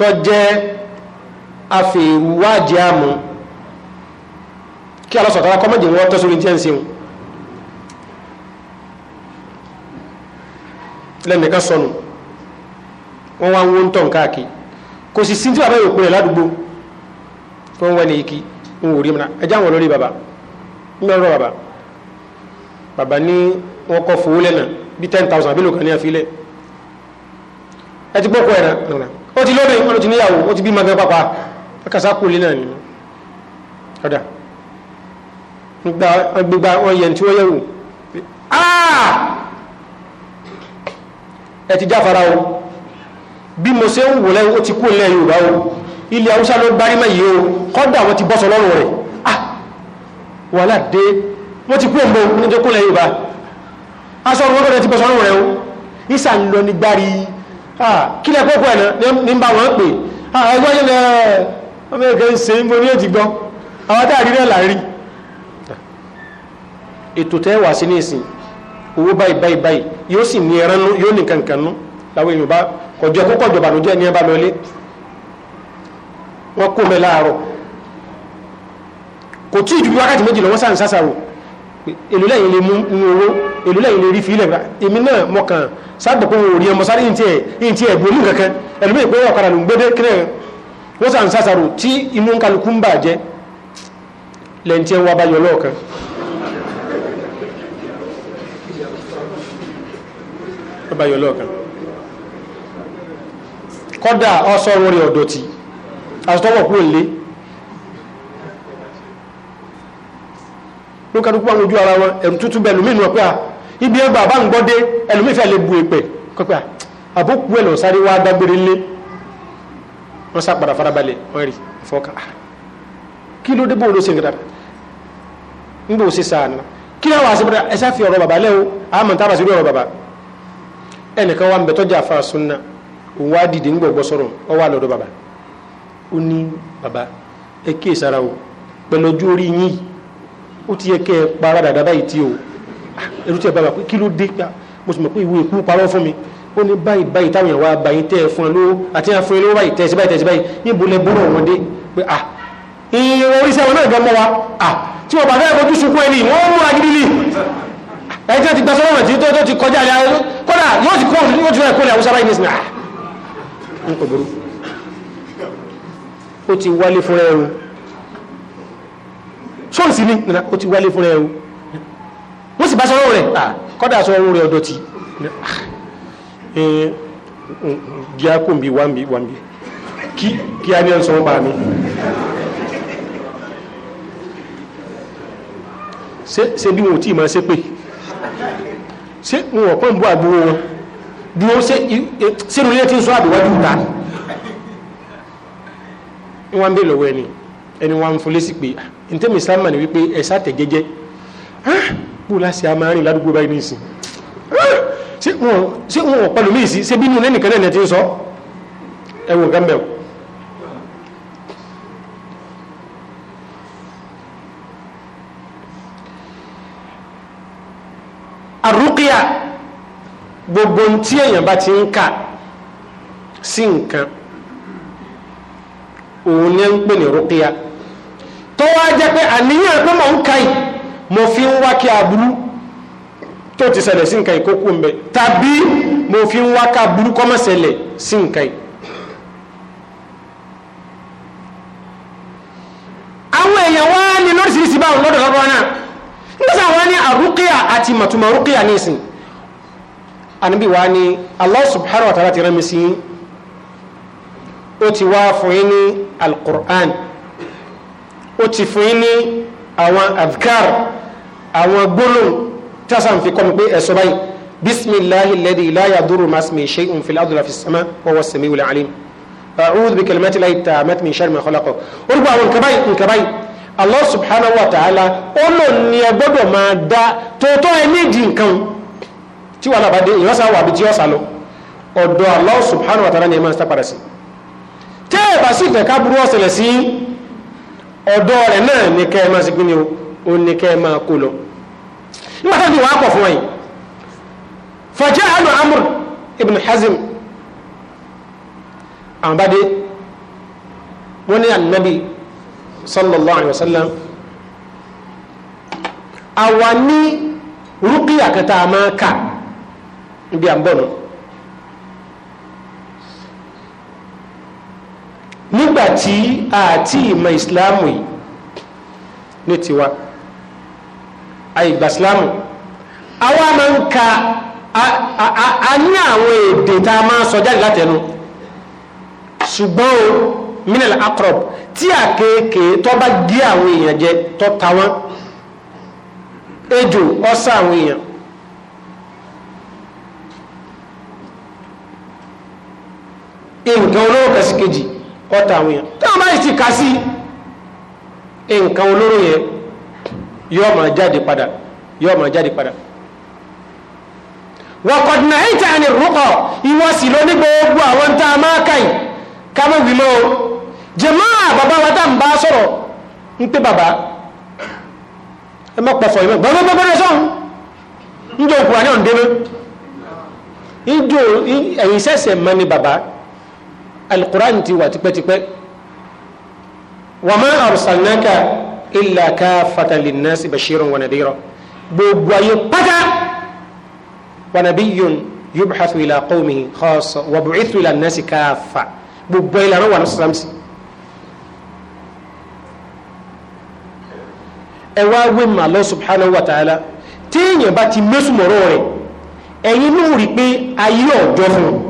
tó jẹ́ afẹ́wájì àmú kí alọ́sọ̀tara kọ́mọ̀dé wọn tọ́ sórí tí ẹ̀ ń sẹ́wọ̀n lẹ́nìkan sọnù wọ́n wá ń wó ń tọ̀ káàkiri kò sì sí tí bàbá yòókù rẹ̀ ládùúgbò tó ń ní ikí wọ́n kọ́ fowó lẹ́nà bí ten thousand àbí lòkàn ní àfilẹ̀ ẹ ti gbọ́ kọ́ ẹ̀ràn ó ti lóbìnrin wọn ló ti níyàwó ó ti bí magan pápá akásá kú ilé náà ni ọ̀dà gbígbà wọn yẹn tí wọ́n yẹ̀wò ẹ ti jáfara o bí mo ṣe ń wò lẹ́wọ́ ó ti kú ilẹ̀ Yorùbá o ilẹ̀ Haúsá ló gbárí mọ́ yìí o kọ́dà wọn ti bọ́sọ lọ́rùn rẹ̀ ah! wàhálà dé wọ́n ti kú òǹbò níjẹ́ kú ilẹ̀ Yorùbá aṣọ òun lọ́dọ̀ ti bọ́sọ lọ́rùn rẹ̀ o ìsà ń lọ kílẹ̀ kókó ẹ̀ ní bá wọn pè ẹgbẹ́ yìí lẹ́ ọmọ èké ń se níbo ní èjì gbọ́ àwọn tá àrírí ẹ̀là rí ètò tẹ́ wà sí ní ìsìn owó báyìí báyìí báyìí yóò sì ní ẹran nú yóò ní kankan nú láwọn èèyàn bá kọjọ kókó ìjọba ló jẹ́ ní ẹ bá lọ ilé wọn kó mẹ́ láàárọ̀ kò tí ì ju wákàtí méjì lọ wọ́n sàn sásàrò èlò lẹ́yìn lè mú inú owó èlò lẹ́yìn lè rí fi ilẹ̀ èmi náà mọ̀kàn sáàgbọ̀kọ́ òrí ọmọ sáré ní tí ẹ̀ borí kankan ẹ̀lùmí ìpé ọ̀kadà ló ń gbé dé kílẹ̀ wọ́n sàn sàṣàrò tí inú kálukú ń bà jẹ́ lẹ́yìn tí ẹ̀ ń lọ́ọ̀kan ló ka wà lójú ara wọn ẹ̀rù tuntun bẹ́ẹ̀ lómìnira pé à ibi ẹ̀ bá ń gbọ́dé ẹlòmíì lè bu èpè kọ́pẹ́ à ẹ̀ lọ sáré wá dágbére lé wọ́n sá padà farabalẹ̀ wọ́n rí ìfọ́kà kí ló dé bó ló ṣe nǹkan ń bò ṣe sáà kí ló wà síbi ẹ ọ̀rọ̀ bàbá lẹ́wọ́ àmọ̀ sí ọ̀rọ̀ bàbá ẹnìkan wà ń bẹ tọ́jà fa ọ wà lọ́dọ̀ bàbá ó ní bàbá ẹ o pẹ̀lú ojú ó ti yẹ kẹ́ ẹ para dàda báyìí tí o ẹrú tí ẹ bá wà pé kí ló dé pa mo sì mọ̀ pé ìwé ìkú parọ́ fún mi ó ní báyìí báyìí táwọn èèyàn wá báyìí tẹ́ ẹ fún ẹ lówó àti ẹ fún ẹ lówó báyìí tẹ́ ẹ sí báyìí tẹ́ ẹ sí báyìí níbo lẹ búrọ̀ wọn dé pé à ìyẹn oríṣi àwọn náà gan mọ́ wa à tí wọn bá fẹ́ bójú sunkún ẹni wọ́n múra gidi ni ẹjẹ́ ti gbẹ́sọ́ lọ́wọ́ tí tó ti kọjá ilẹ̀ ayé kódà yóò ti kóòrùn yóò ti fẹ́ kóòrùn àwùsá báyìí nísìnyí à ń kò burú ó ti wálé fúnra ẹrù sóòsì ni ó ti wálé fún rẹ o wọ́n sì bá sọ ọ̀rọ̀ rẹ̀ kọ́dà sọ ọ̀rọ̀ rẹ̀ ọ̀dọ̀ ti diakun bi wambi wambi kí kí a ní ọ̀sán wọn bá mi. ṣé bí wọn ò tí ì máa ṣe pé ṣé wọn ò pọ́n bú àbúrò wọn bí wọn ṣe ṣé ìròyìn ti ń sọ àbíwájú ta ni wọn ń bè lọ́wọ́ ẹni ẹni wọn ń fọlé sí pé ntẹ́mi islam ni wípé ẹ̀sà tẹ̀ gẹ́gẹ́ bó láti a máa rìn ládùúgbò báyìí nìsín ṣé wọn ọ̀pá lómi ìsí ṣé bínú lẹ́nìkan náà ti ń sọ ẹ̀wọ̀n nǹkan bẹ̀rù. àrùkíà gbogbo tí èèyàn bá ti ń kà sí nǹkan òun ní ń pè ní rùkíà tó wá jẹ́ pé àníyàn pé mò ń ka yìí mo fi ń wá kí aburú tó ti ṣẹlẹ̀ sí nǹkan yìí kó kú ń bẹ tàbí mo fi ń wá ká aburú kó má ṣẹlẹ̀ sí nǹkan yìí. àwọn èèyàn wá ní lóríṣiríṣi báwọn lọ́dọ̀ lọ́dọ̀ náà nígbàtà wọ́n ní àrúkíyà àti màtúmọ̀ àrúkíyà ní ìsìn àníbí wá ní Allah subhanahu wa ta'ala ti rán mi sí ó ti wá fún yín ní al-Qur'an ó ti fún yín ní àwọn adkar àwọn gbólóhùn tásà ń fi kọ́ mi pé ẹ̀sọ́ báyìí bisimilahi lẹ́dí iláyà dúró máa sinmi ṣe ń fi ládùúrà fi sàmà wọ́wọ́ sẹ̀mí wulẹ̀ alim a'udhu bi kalimati lahi taamati min sharri ma khalaqa orúkọ àwọn nkabayi nkabayi allah subhanahu wa ta'ala ó lò ní ẹ gbọ́dọ̀ máa dá tòótọ́ ẹ ní ìdí nǹkan tí wàhálà bá dé ìyọ́sà wà bí tí yọ́sà lọ ọ̀dọ̀ allah subhanahu wa ta'ala ni ẹ máa ń sá padà sí tẹ́ẹ̀ bá sì fẹ́ ká burú ọ̀sẹ̀lẹ̀ sí ọ̀dọ́ rẹ̀ náà ní kẹ́ ẹ máa sí gbìyànjú ó ní kẹ́ ẹ máa kó lọ nígbà tó ti wàá pọ̀ fún ẹ̀yìn fàjẹ́ àánú amúr ibn hazim àwọn bá wọ́n ní ànábì sallallahu alayhi wa sallam àwa ní rúkìá kan máa kà níbi à tí àti ìmọ̀ ìsìláàmù yìí ní tiwa àìgbà ìsìláàmù àwa máa ń ka a ní àwọn èdè tá a máa sọ jáde látẹnu ṣùgbọ́n o minel akrop tí àkekèé tó bá gé àwọn èèyàn jẹ tó ta wọn ejò ọsà àwọn èèyàn nǹkan olówó kẹsìkejì kọ́ta àwọn èèyàn táwọn báyìí ti kà sí nǹkan olóró yẹn yóò máa jáde padà yóò máa jáde padà wọ́kọ̀dùnà ẹ̀yìn tí a ní rúkọ̀ ìwọ sì ló ní gbogbo àwọn tá a máa kàì kámọ́ wìmọ́ o jẹ́mọ́ bàbá wa tá n bá sọ̀rọ̀ ń pé bàbá ẹ má pọ̀fọ̀ ìmọ̀ gbọ́n gbọ́n gbọ́n sọ́n ń jẹ́ òkúra ní ọ̀ndẹ́mẹ́ ìjọ ẹ̀yìn sẹ́sẹ̀ mọ́ ni bàbá alukur'an ti wà tipẹ́tipẹ́ wa ma arsalnaka illa kaffatan linnasi bashiran wa nadira gbogbo ayé pátá wa nabiyyun yubhathu ila qawmihi khassa wa bu'ithu ila nnasi kaffa gbogbo ìlànà wà lọ́sọ̀rọ̀ sí. ẹ wá wé mà lọ subhanahu wa ta'ala téèyàn bá ti mẹ́sùmọ̀rọ̀ rẹ̀ ẹ̀yin ló rí pé ayé ọ̀jọ́ fún un.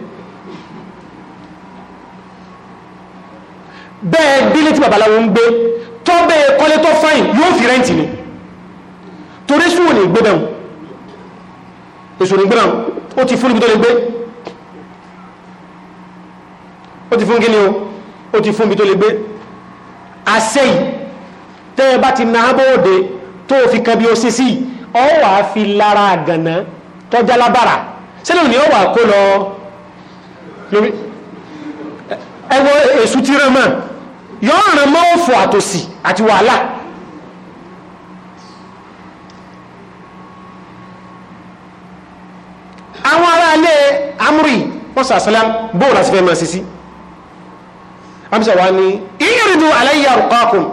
bẹ́ẹ̀ bílé tí babaláwo ń gbé tó bẹ́ẹ̀ kọ́lé tó fáyìn yóò fi rẹ́ǹtì ni torí sùn ò lè gbé bẹ́ẹ̀ èso ní gbéra ó ti fún ibi tó lè gbé ó ti fún kí o ó ti fún ibi tó lè gbé àṣẹ tẹ́ ẹ bá ti na ábọ̀ òde tó fi kan bí o ṣe sí ọ wàá fi lára àgànná tọ́jà lábàrà sílẹ̀ ni ọ kó lọ lórí ẹwọ èsù rẹ̀ mọ́ yọ́n ràn mọ́ òfò àtòsí àti wàhálà àwọn ará alẹ́ amúrì wọ́n sàásálám bóòrò àti fẹ́ máa sí sí amsa wa ni ìrìnà aláyé àrùkọ́kùn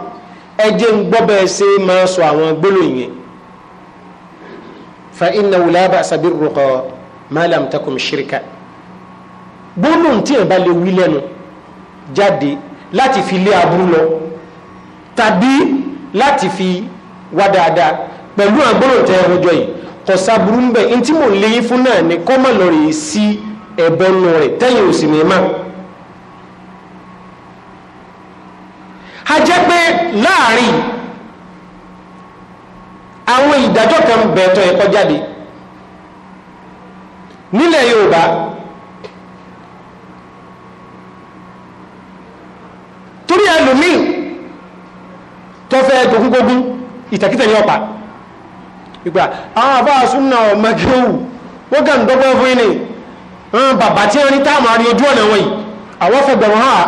ẹjẹ́ ń gbọ́bẹ̀ ṣe máa sọ àwọn gbólóhùn yẹn fa inna la ba'sa birruqa ma lam takum shirka tí ẹ̀ bá lè wí lẹ́nu jáde láti fi lé aburú lọ tàbí láti fi wá dáadáa pẹ̀lú àgbọ̀rọ̀ tẹ ẹ̀rọjọ yìí kọ̀sá burú ń bẹ̀ ní tí mò ń léyìn fún náà ni kọ́ mọ̀ lọ́rọ̀ yìí sí ẹ̀bẹ̀ nù rẹ̀ tẹ́yìn òsì ní mà. a jẹ́ pé láàrin àwọn ìdájọ́ kan bẹ̀ẹ̀tọ̀ ẹ̀kọ́ jáde nílẹ̀ Yorùbá torí ẹlòmíì tó fẹ́ dogúngógún ìtẹ̀kítẹ̀ ní ọ̀pá ìgbà àwọn ah, àbáwá súnà ọmọ gíwù wọ́n gà ń dọ́gbọ́n fún yín ni bàbá tí wọ́n ní táàmù àárín ojú ọ̀nà wọ̀nyí àwọn fẹ̀gbẹ̀ wọn hàn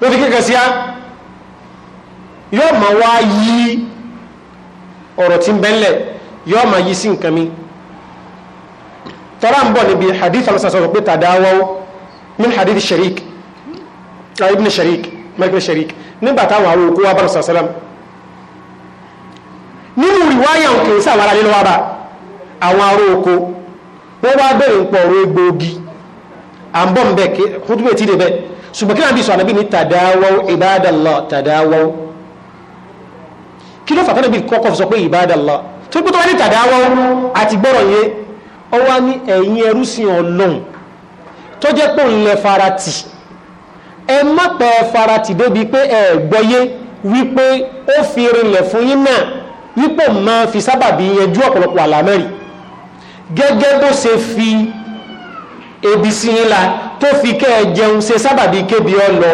ló fi kékeré sí á yóò máa wá mẹ́gbẹ́ sharik nígbà àwọn òkú wa bá rọ̀sà sálám nínú ìwáyà òkè sí àwọn aráàlú wa bá àwọn ará oko wọ́n wá bẹ̀rẹ̀ ń pọ̀ ọ̀rọ̀ egbòogi à ń bọ̀ nbẹ̀ kúndùmẹ̀ tí débẹ̀ ṣùgbọ́n kí náà bí sọ ànábì ní tàdáwọ́ ìbádàlọ́ tàdáwọ́ kí ló tó jẹ́ pò ń lẹ fara ẹ má pẹ́ fara tì débi pé ẹ gbọ́yé wípé ó fi rinlẹ̀ fún yín náà wípé máa fi sábàbí yẹjú ọ̀pọ̀lọpọ̀ àlámẹ́rì gẹ́gẹ́ bó ṣe fi ebi sí yín la tó fi kẹ́ ẹ jẹun ṣe sábàbí kébi ọ lọ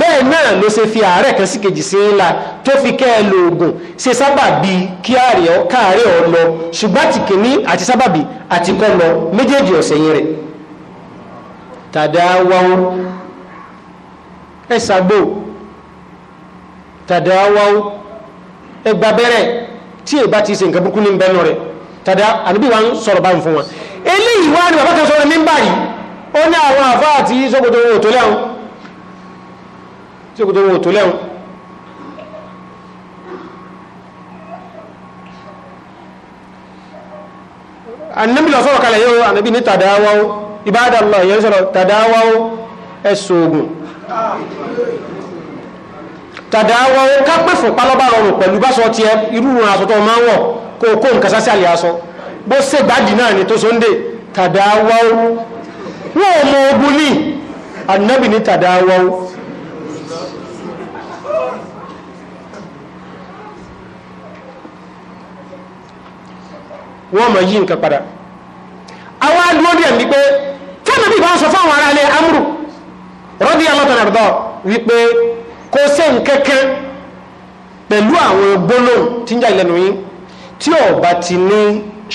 bẹ́ẹ̀ náà ló ṣe fi àárẹ̀ kan sí kejì sí yín la tó fi kẹ́ ẹ lo oògùn ṣe sábàbí kí káàárẹ̀ ọ lọ ṣùgbọ́n àti kìíní àti sábàbí àti kọ́ lọ méjèèjì ọ̀sẹ̀ yín rẹ̀ tàdáwáwó ẹ ṣàgbò tàdáwáwó ẹ gbàbẹ́rẹ́ tí èbá ti ṣe nǹkan burúkú ní bẹ́ẹ̀ rẹ̀ tàdá àníbí wa ń sọ̀rọ̀ bá ń fún wa eléyìí wá ní bàbá kan ní báyìí ó ní àwọn àfá àti sókòtò owó tó lẹ́hun àníbí lọ sọ̀rọ̀ kalẹ̀ tàdá àwọn ohun ká pè fòpá lọ́bà rọrùn pẹ̀lú bá sọ ti ẹ irú aṣọ tó máa ń wọ̀ kó kó nǹkan sásí àlè aṣọ bó ṣe ni tó tàdá wọn ò mọ ogun ní ànábì ní tàdá àwọn ohun wọ́n mọ̀ yí nǹkan padà àwọn rọ́bì alátọ̀nàdọ́ wípé kò sí nkẹ́kẹ́ pẹ̀lú àwọn gbólóhùn tí ń jà ìlẹ́nu yín tí ó bá ti ní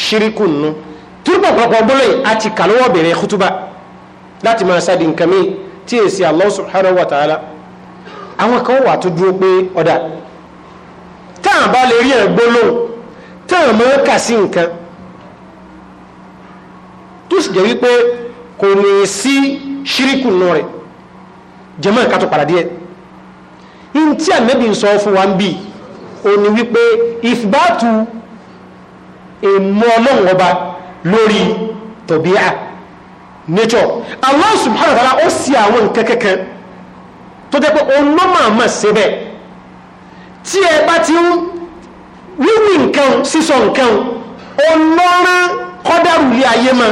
ṣíríkù nù túrúpọ̀ pọ̀pọ̀ gbólóhùn àti kàlówó bẹ̀rẹ̀ kútúbà láti máa sáà di tí èsì subhanahu wa ta'ala àwọn kan wà tó dúró pé ọ̀dà táà bá lè rí ẹ̀ gbólóhùn táà mọ́ sí nǹkan ṣíríkù nù rẹ̀ jẹ́mọ́ ìka tó paradíẹ̀ in tí ànábì ń sọ fún wa ń bí o ní wípé ìfibátu èmọ́ ọlọ́run ọba lórí tọ̀bíà nature Allah subhanahu wa ta'ala ó sì àwọn nǹkan kankan tó jẹ́ pé òun ló máa mọ̀ síbẹ̀ tí ẹ bá ti ń wíwí nǹkan sísọ nǹkan ọlọ́run kọ́dàrú ilé ayé mọ́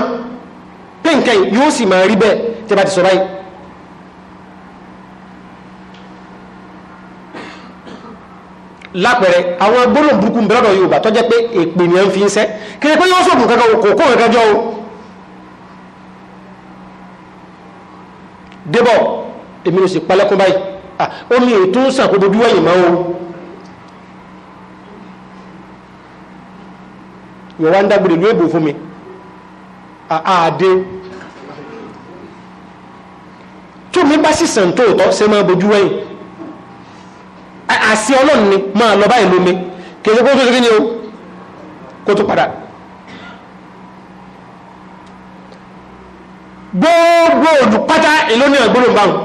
pé nǹkan yóò sì máa rí bẹ́ẹ̀ tẹ́ sọ báyìí lápẹẹrẹ àwọn gbólóhùn burúkú bẹ̀rọ̀dọ̀ yorùbá tó jẹ́ pé èpè ni ẹ ń fi ń sẹ́ kí ni pé yóò sọ̀bùn kankan kò kó kankan jọ o débọ̀ èmi ló sì palẹ́kún báyìí omi ètò sàkóso bí wẹ́yìn máa ń wo wá ń dágbére ló èbò fún mi àádé tó mi bá sì sàn tóòtọ́ sẹ́ máa bojú wẹ́yìn a ọlọ́run ni máa lọ báyìí lómi kèsè ṣe kí ni o kó tó padà gbogbo òdù ìlú ní ọgbọ́n báwọn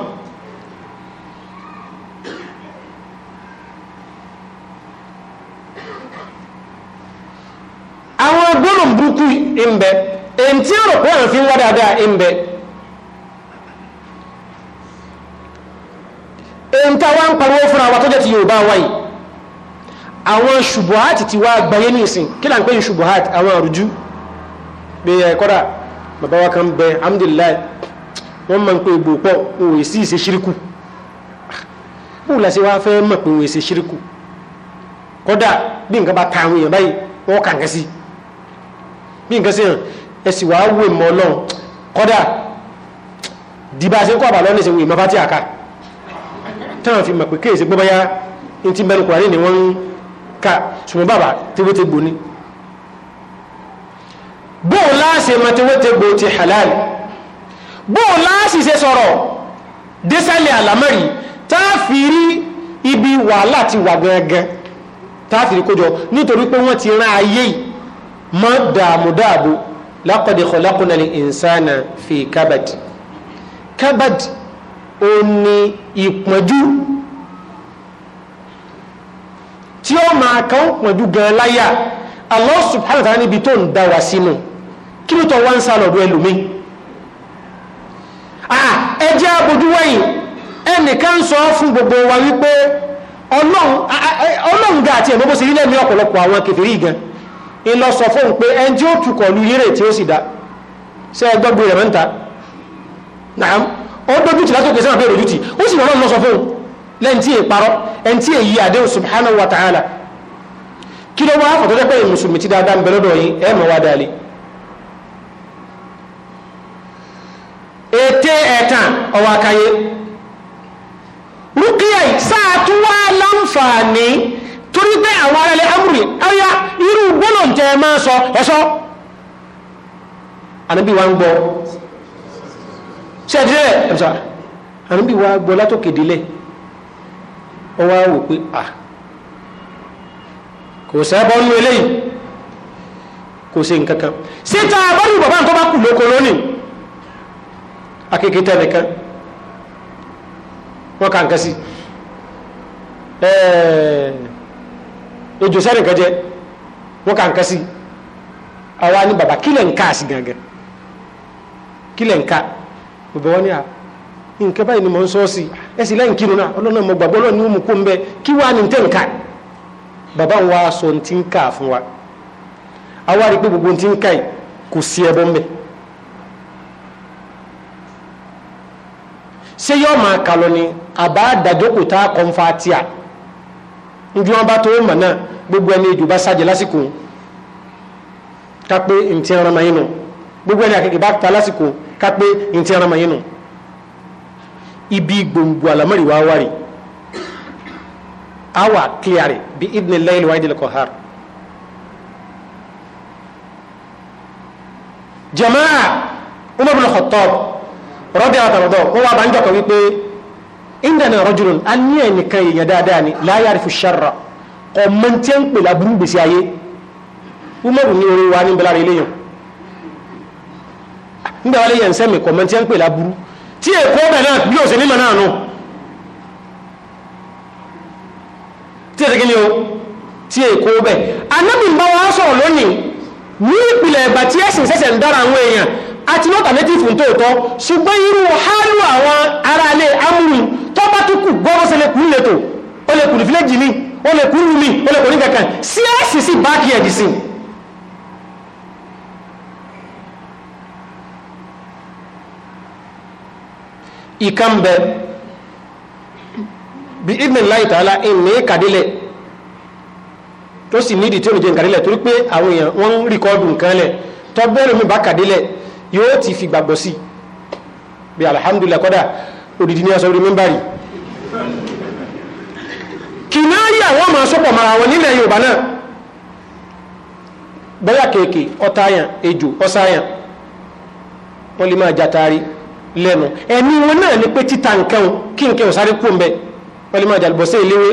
àwọn gbọ́nà burúkú ń èyí tí ọ̀rọ̀ pọ̀ fi ń wá dáadáa èyí tá wá ń pariwo fúnra wa tó jẹ́ ti yorùbá wa yìí àwọn ṣubuhat ti wá gbayé ní ìsìn kí là ń pè ní ṣubuhat àwọn àrùjú bí ẹ eh, kọ́dà bàbá wa kan bẹ alhamdulilayi wọ́n máa ń pè gbò pọ̀ òwe sí ìṣe ṣíríkù bó la ṣe wá fẹ́ mọ̀ pé òwe ṣe ṣíríkù kọ́dà táwọn fi mọ̀ pé kéèsì gbọ́ ní ti bẹ́nu kùránì ni wọ́n ń ka ṣùgbọ́n bàbá tewétegbò ni bóò láàṣẹ ma tewétegbò ti halali, bóò láàṣì ṣe sọ̀rọ̀ désàlẹ̀ alamari, táàfìrí ibi wàhálà ti wà gangan táàfìrí kójọ nítorí pé wọ́n ti rán ayé mọ́ dààmúdààbò laqad khalaqnal insana fi kabad kabad ó ní ìpọ́njú tí ó máa kan pọ̀njú gan láyà Allah níbi tó ń dá wa kí ló tọ́ wá ń sá lọ́dọ̀ ẹlòmíì ẹjẹ́ abojú ẹnìkan sọ fún gbogbo wa wípé ga àti ẹ̀mọ́bó sí nílẹ̀ ní ọ̀pọ̀lọpọ̀ àwọn kèfèrí gan ìlọ sọ fóun pé ẹn ó tukọ̀ lu yéré tí ó sì dá ṣe ó dójú ti látòkè sẹ́wọ̀n bẹ́ẹ̀ lójú ti ó sì rọrùn lọ́sọ fún lẹ́yìn tí èparọ́ ẹn tí èyí àdéhùn subhanahu wa ta'ala kí ló wá fọ̀tọ́ jẹ́ pé mùsùlùmí ti dáadáa ń bẹ lọ́dọ̀ yín ẹ mọ̀ wá dalẹ̀ ète ẹ̀tàn ọwọ́ akáyé rúkìá yìí láǹfààní torí pé àwọn ará amúrì ọ̀yá irú gbọ́nà jẹ́ máa sọ ẹ̀ṣọ́ ànábì wa ń gbọ́ ṣe àti rẹ̀ ẹ̀mùsà àníbí wa gbọ́ látòkè délẹ̀ ọ wá wò pé à kò sẹ́bọ̀ nú eléyìí kò ṣe nǹkan kan síta abọ́dún bàbá nǹkan bá kù lóko lónìí akéèké tẹnìkan wọ́n kà nǹkan sí ejò sẹ́nìkan jẹ́ wọ́n kà nǹkan sí àwa ní bàbá kílẹ̀ ń ká sí gangan kílẹ̀ ń ká gbogbo wọn ni à nǹkan báyìí ni mò ń sọ sí ẹ sì lẹ́yìn kírun náà ọlọ́nà mo gbàgbọ́ lọ́ọ̀ ni kó ń bẹ wa gbogbo ti ń ka yìí kò sí ẹbọ ń bẹ. ṣé máa kà ni a wọn bá tó mọ̀ gbogbo ẹni ìdùbá sájẹ lásìkò ká pé ntí ẹran máa gbogbo ẹni àkèké bá kápé ntí ara mayinu ibi gbòǹgbò alamari wa wari awa kílíàrì bí idni lẹ́yìn wáyé dìlẹ̀ kọ́hár. jamaa umar bin khattab rọ́bì àtàrọ̀dọ̀ wọ́n wá bá ń jọkọ̀ wípé indana rajulun a ní ẹnìkan èèyàn dáadáa ni la ya'rifu sharra ọmọ tí ń pè lábúrú gbèsè ayé umar ní orí wa ní bẹ́lá rẹ̀ léyìn nígbà wálé yẹn sẹ́mi kọ̀mọ́ tí ń pè láburú tí èkó ọbẹ̀ náà bí òsè mímọ̀ náà nù tí èdè gíní o tí èkó ọbẹ̀ anábì ń bá wọn sọ̀rọ̀ lónìí ní ìpìlẹ̀ ẹ̀bà tí ẹ̀sìn sẹ́sẹ̀ ń dára àwọn èèyàn àti lọ́tà létífù tó tọ́ ṣùgbọ́n irú hálù àwọn aráalé amúrù tó bá tó kù gbọ́rọ́ sẹ́lẹ̀ kù lẹ́tò ó lè kù ní ó lè kù ó lè kù sí ẹ̀sìn sí báàkì ẹ̀dì sí i ìkan bẹ bí ibn láì tààlà ìní kàdílẹ̀ tó sì nídìí tí ó ní jẹ́ kàdílẹ̀ torí pé àwọn èèyàn wọ́n ń rìkọ́dù nǹkan lẹ̀ mi bá kàdílẹ̀ yóò ti fi gbàgbọ́ sí bí alhamdulillah koda òdìdí ni ọ̀sọ̀rí mímbàrí kì náà yí àwọn ọmọ sọ́pọ̀ mara wọn nílẹ̀ Yorùbá náà bẹ́yà kéèké ọ̀tayàn ejò ọ̀sáyàn wọ́n lè máa jàtàrí lẹ́nu ẹ̀mí wọn náà ni pé títa nǹkan kí nǹkan ò sáré kú ń bẹ wọ́n lè máa jàlùbọ́sẹ̀ ìléwé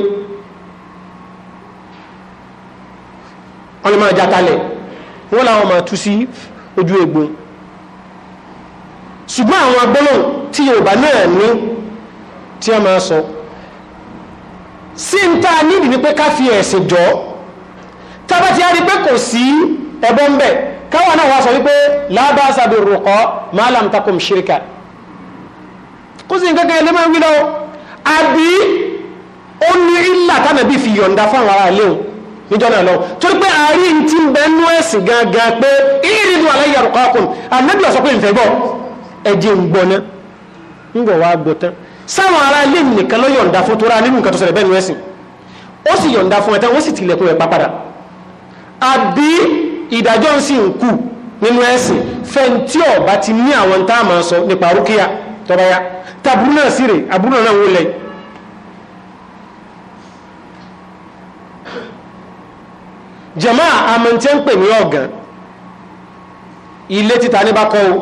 wọ́n lè máa jatalẹ̀ wọ́n làwọn máa tú ojú egbò ṣùgbọ́n àwọn agbọ́lọ́hùn tí Yorùbá náà ní tí a máa sọ sí ń ta nídìí ni pé ká fi ẹ̀sìn jọ tábà tí a rí pé kò sí ẹbọ ń bẹ káwọn náà wá sọ wípé lábàá sàbẹ̀rù kọ́ máa làm kó sì nǹkan kan ẹlẹ́mọ̀ wí lọ àbí ó ní ìlà tánàbí fi yọ̀ǹda fáwọn ará ilé níjọ́ náà lọ torí pé àárín tí ń ga nú ẹ̀sìn gangan pé ìrìndùn aláyà rùkọ́ ọkùn ànábì ọ̀sọ́ pé ìfẹ́ ẹ̀jẹ̀ ń gbọ́ ná ń wá gbọ́ tán sáwọn ará ilé nìkan yọ̀ǹda fún tóra nínú nǹkan tó nú ẹ̀sìn ó sì yọ̀ǹda fún ẹ̀tẹ́ wọ́n sì tilẹ̀kùn tọ́báyá tàbúrú náà sí rẹ̀ àbúrú náà wó lẹ́ jama amọ̀ntẹ́ ń pè ní ọ̀gán ilé títa ní bá kọ́ o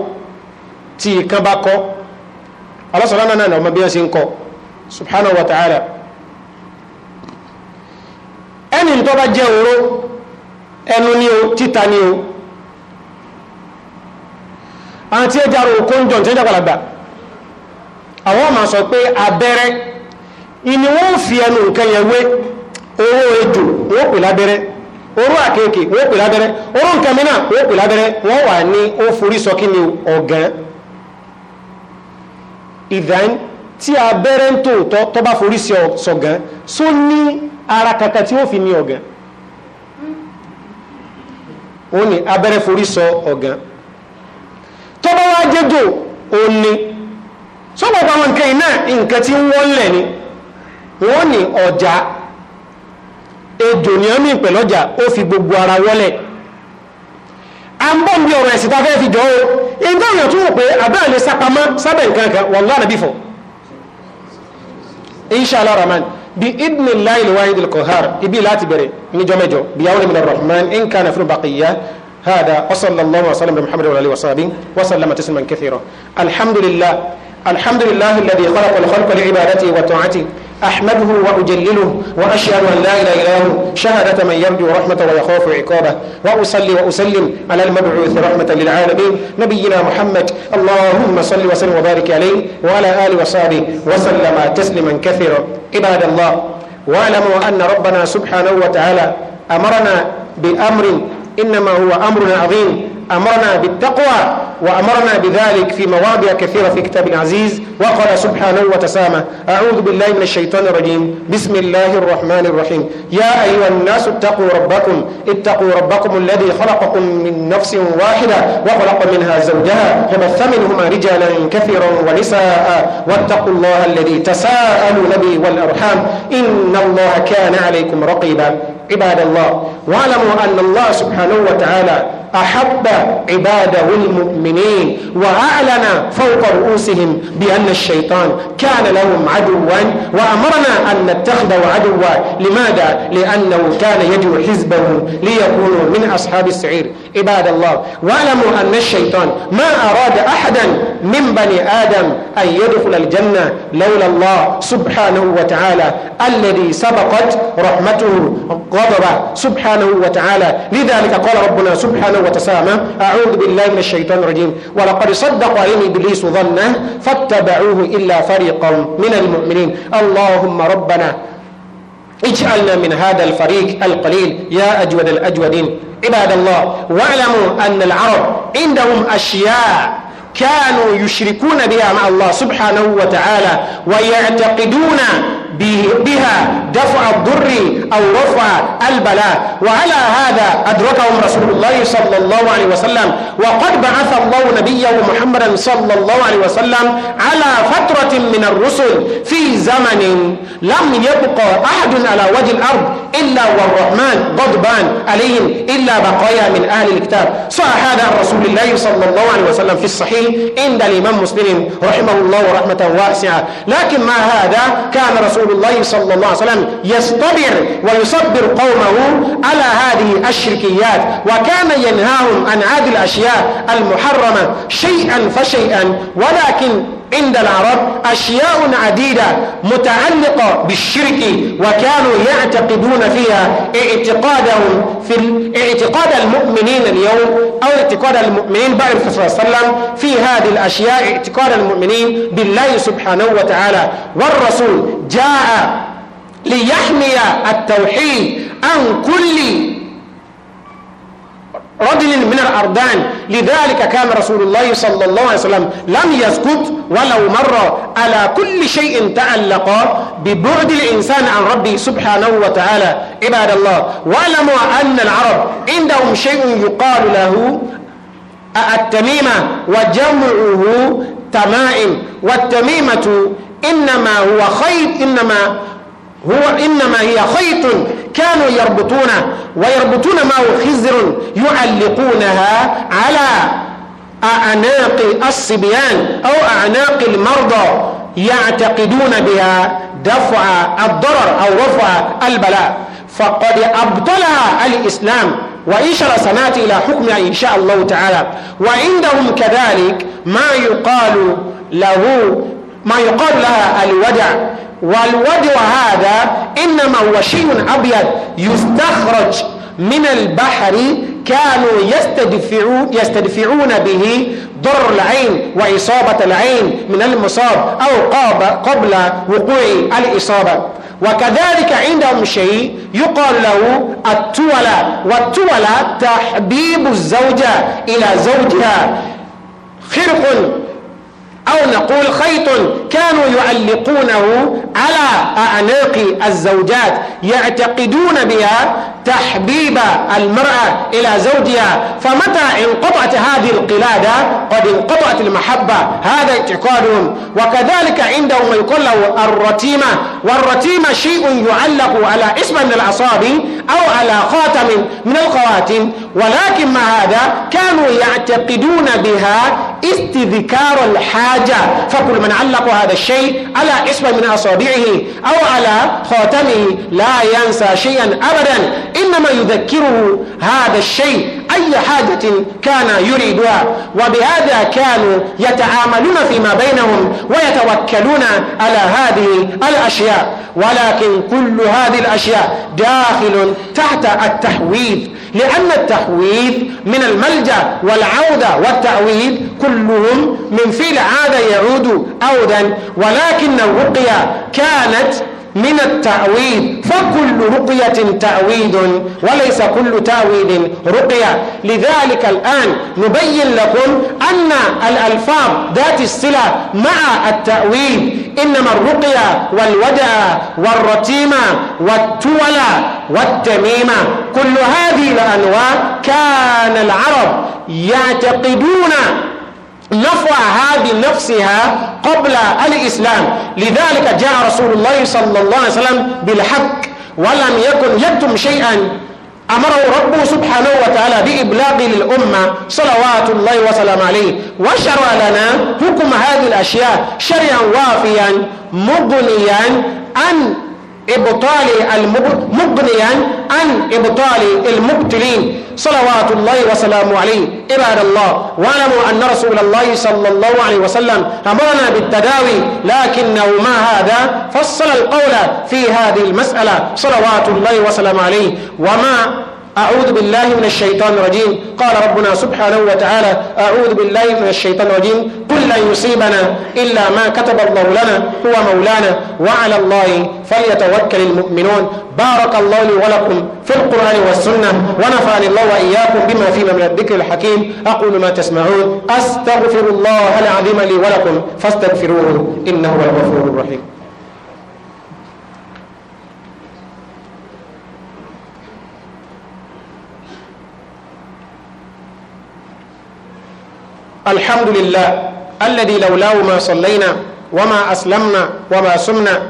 tí ìkan bá kọ́ ọlọ́sọ̀rọ̀ náà náà ọmọ bí wọ́n ṣe ń kọ́ subhanahu wa ẹni tó bá jẹ́ òró ẹnu ní o títa ní o àti ẹja rò kó ń jọ ní tẹ́jà pàlàgbà àwọn máa sọ pé abẹ́rẹ́ ìní wọ́n fi ẹnu nǹkan yẹn wé oró ejò wọ́n pè lábẹ́rẹ́ oró àkekè wọ́n pè lábẹ́rẹ́ oró nǹkan mìíràn wọ́n pè lábẹ́rẹ́ wọ́n wà ní ó forí sọ kí ni ọ̀gán ìdán tí abẹ́rẹ́ ń tòótọ́ tó bá forí sọ̀gán só ní ara kàkà tí ó fi ní ọ̀gán ó ní abẹ́rẹ́ forí sọ ọ̀gán tó bá wá jẹ́jọ́ ó sọ́pọ̀ àwọn nǹkan iná nǹkan tí wọ́n lẹ̀ ni wọ́n ní ọjà ejò ní ọmọ ìpẹ̀lọ́jà ó fi gbogbo ara wọ́lẹ̀ a ń bọ́ ń bí ọ̀rọ̀ ẹ̀sìn tá fẹ́ fi jọ o ìgbà èèyàn tún wò pé àbẹ́rẹ̀ lè sápamọ́ sábẹ̀ nǹkan kan wọ́n lọ́nà bí fọ́ inṣàlá rahman bí idni láì lè wáyé dìlkọ̀ har ibi láti bẹ̀rẹ̀ níjọ́ mẹ́jọ bí الحمد لله الذي خلق الخلق لعبادته وطاعته أحمده وأجلله وأشهد أن لا إله إلا هو شهادة من يرجو رحمة ويخاف عقابه وأصلي وأسلم على المبعوث رحمة للعالمين نبينا محمد اللهم صل وسلم وبارك عليه وعلى آله وصحبه وسلم تسليما كثيرا عباد الله واعلموا أن ربنا سبحانه وتعالى أمرنا بأمر إنما هو أمر عظيم أمرنا بالتقوى وأمرنا بذلك في مواضع كثيرة في كتاب العزيز وقال سبحانه وتسامى أعوذ بالله من الشيطان الرجيم بسم الله الرحمن الرحيم يا أيها الناس اتقوا ربكم اتقوا ربكم الذي خلقكم من نفس واحدة وخلق منها زوجها وبث منهما رجالا كثيرا ونساء واتقوا الله الذي تساءلوا به والأرحام إن الله كان عليكم رقيبا عباد الله واعلموا أن الله سبحانه وتعالى أحب عباده المؤمنين وأعلن فوق رؤوسهم بأن الشيطان كان لهم عدوا وأمرنا أن نتخذوا عدوا لماذا؟ لأنه كان يدعو حزبه ليكونوا من أصحاب السعير عباد الله واعلموا أن الشيطان ما أراد أحدا من بني آدم أن يدخل الجنة لولا الله سبحانه وتعالى الذي سبقت رحمته غضبه سبحانه وتعالى لذلك قال ربنا سبحانه وتسامى أعوذ بالله من الشيطان الرجيم ولقد صدق عليهم إبليس ظنه فاتبعوه إلا فريقا من المؤمنين اللهم ربنا اجعلنا من هذا الفريق القليل يا أجود الأجودين عباد الله واعلموا أن العرب عندهم أشياء كانوا يشركون بها مع الله سبحانه وتعالى ويعتقدون بها دفع الضر أو رفع البلاء وعلى هذا أدركهم رسول الله صلى الله عليه وسلم وقد بعث الله نبيه محمدا صلى الله عليه وسلم على فترة من الرسل في زمن لم يبقى أحد على وجه الأرض إلا والرحمن غضبان عليهم إلا بقايا من أهل الكتاب صح هذا عن رسول الله صلى الله عليه وسلم في الصحيح عند الإمام مسلم رحمه الله رحمه واسعة لكن مع هذا كان رسول رسول الله صلى الله عليه وسلم يصطبر ويصبر قومه على هذه الشركيات وكان ينهاهم عن هذه الأشياء المحرمة شيئا فشيئا ولكن عند العرب أشياء عديدة متعلقة بالشرك وكانوا يعتقدون فيها اعتقادهم في اعتقاد المؤمنين اليوم أو اعتقاد المؤمنين بعد الرسول صلى الله عليه وسلم في هذه الأشياء اعتقاد المؤمنين بالله سبحانه وتعالى والرسول جاء ليحمي التوحيد عن كل رجل من الأردان لذلك كان رسول الله صلى الله عليه وسلم لم يسكت ولو مر على كل شيء تعلق ببعد الإنسان عن ربي سبحانه وتعالى عباد الله واعلموا أن العرب عندهم شيء يقال له التميمة وجمعه تمائم والتميمة إنما هو خيط إنما هو إنما هي خيط كانوا يربطون ويربطون هو خزر يعلقونها على أعناق الصبيان أو أعناق المرضى يعتقدون بها دفع الضرر أو رفع البلاء فقد أبطلها الإسلام وإشر سنات إلى حكمها إن شاء الله تعالى وعندهم كذلك ما يقال له ما يقال لها الودع والودع هذا إنما هو شيء أبيض يستخرج من البحر كانوا يستدفعون, يستدفعون به ضر العين وإصابة العين من المصاب أو قبل وقوع الإصابة وكذلك عندهم شيء يقال له التولى والتولى تحبيب الزوجة إلى زوجها خرق أو نقول خيط كانوا يعلقونه على أعناق الزوجات يعتقدون بها تحبيب المرأة إلى زوجها فمتى انقطعت هذه القلادة قد انقطعت المحبة هذا اعتقادهم وكذلك عندهم يقول له الرتيمة والرتيمة شيء يعلق على اسم من الأصابع أو على خاتم من الخواتم ولكن مع هذا كانوا يعتقدون بها استذكار الحال حاجة فكل من علق هذا الشيء على إصبع من أصابعه أو على خاتمه لا ينسى شيئا أبدا إنما يذكره هذا الشيء أي حاجة كان يريدها وبهذا كانوا يتعاملون فيما بينهم ويتوكلون على هذه الأشياء ولكن كل هذه الأشياء داخل تحت التحويذ لأن التخويف من الملجأ والعودة والتأويل كلهم من فعل عاد يعود أودا ولكن الرقية كانت من التعويض فكل رقية تعويض وليس كل تعويض رقية لذلك الآن نبين لكم أن الألفاظ ذات الصلة مع التعويض إنما الرقية والودع والرتيمة والتولى والتميمة كل هذه الأنواع كان العرب يعتقدون نفع هذه نفسها قبل الإسلام لذلك جاء رسول الله صلى الله عليه وسلم بالحق ولم يكن يكتم شيئا أمره ربه سبحانه وتعالى بإبلاغ للأمة صلوات الله وسلم عليه وشرع لنا حكم هذه الأشياء شرعا وافيا مضنيا أن إبطال مغنيا عن إبطال المبتلين صلوات الله وسلامه عليه عباد الله واعلموا أن رسول الله صلى الله عليه وسلم أمرنا بالتداوي لكنه ما هذا فصل القول في هذه المسألة صلوات الله وسلامه عليه وما أعوذ بالله من الشيطان الرجيم قال ربنا سبحانه وتعالى أعوذ بالله من الشيطان الرجيم قل لن يصيبنا إلا ما كتب الله لنا هو مولانا وعلى الله فليتوكل المؤمنون بارك الله لي ولكم في القرآن والسنة ونفعني الله وإياكم بما في من الذكر الحكيم أقول ما تسمعون أستغفر الله العظيم لي ولكم فاستغفروه إنه هو الغفور الرحيم الحمد لله الذي لولاه ما صلينا وما أسلمنا وما سمنا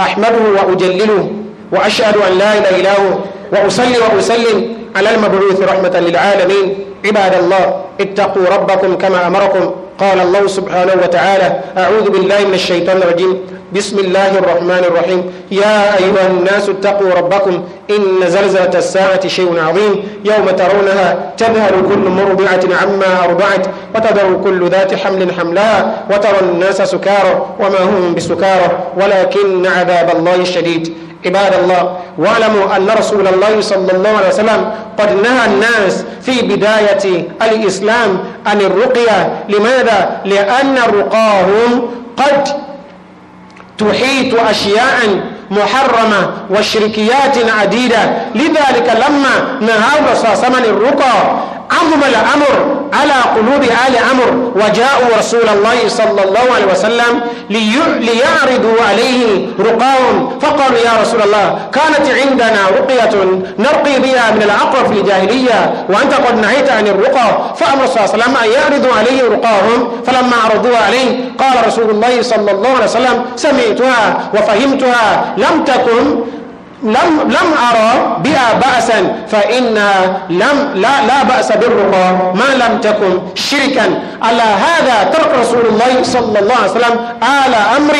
أحمده وأجلله وأشهد أن لا إله وأصلي وأسلم على المبعوث رحمة للعالمين عباد الله اتقوا ربكم كما أمركم قال الله سبحانه وتعالى أعوذ بالله من الشيطان الرجيم بسم الله الرحمن الرحيم يا أيها الناس اتقوا ربكم إن زلزلة الساعة شيء عظيم يوم ترونها تذهل كل مرضعة عما أربعت وتذر كل ذات حمل حملها وترى الناس سكارى وما هم بسكارى ولكن عذاب الله الشديد عباد الله واعلموا أن رسول الله صلى الله عليه وسلم قد نهى الناس في بداية الإسلام عن الرقية لماذا؟ لأن رقاهم قد تحيط أشياء محرمة وشركيات عديدة لذلك لما نهى الرسول صلى الله عليه وسلم الرقى عظم الأمر على قلوب آل عمرو وجاءوا رسول الله صلى الله عليه وسلم ليعرضوا عليه رقاهم فقالوا يا رسول الله كانت عندنا رقية نرقي بها من العقر في الجاهلية وأنت قد نهيت عن الرقى فأمر صلى الله عليه وسلم أن يعرضوا عليه رقاهم فلما عرضوها عليه قال رسول الله صلى الله عليه وسلم سمعتها وفهمتها لم تكن لم لم أرى بها بأسا فإن لم لا لا بأس بالرقى ما لم تكن شركا على هذا ترك رسول الله صلى الله عليه وسلم آل أمر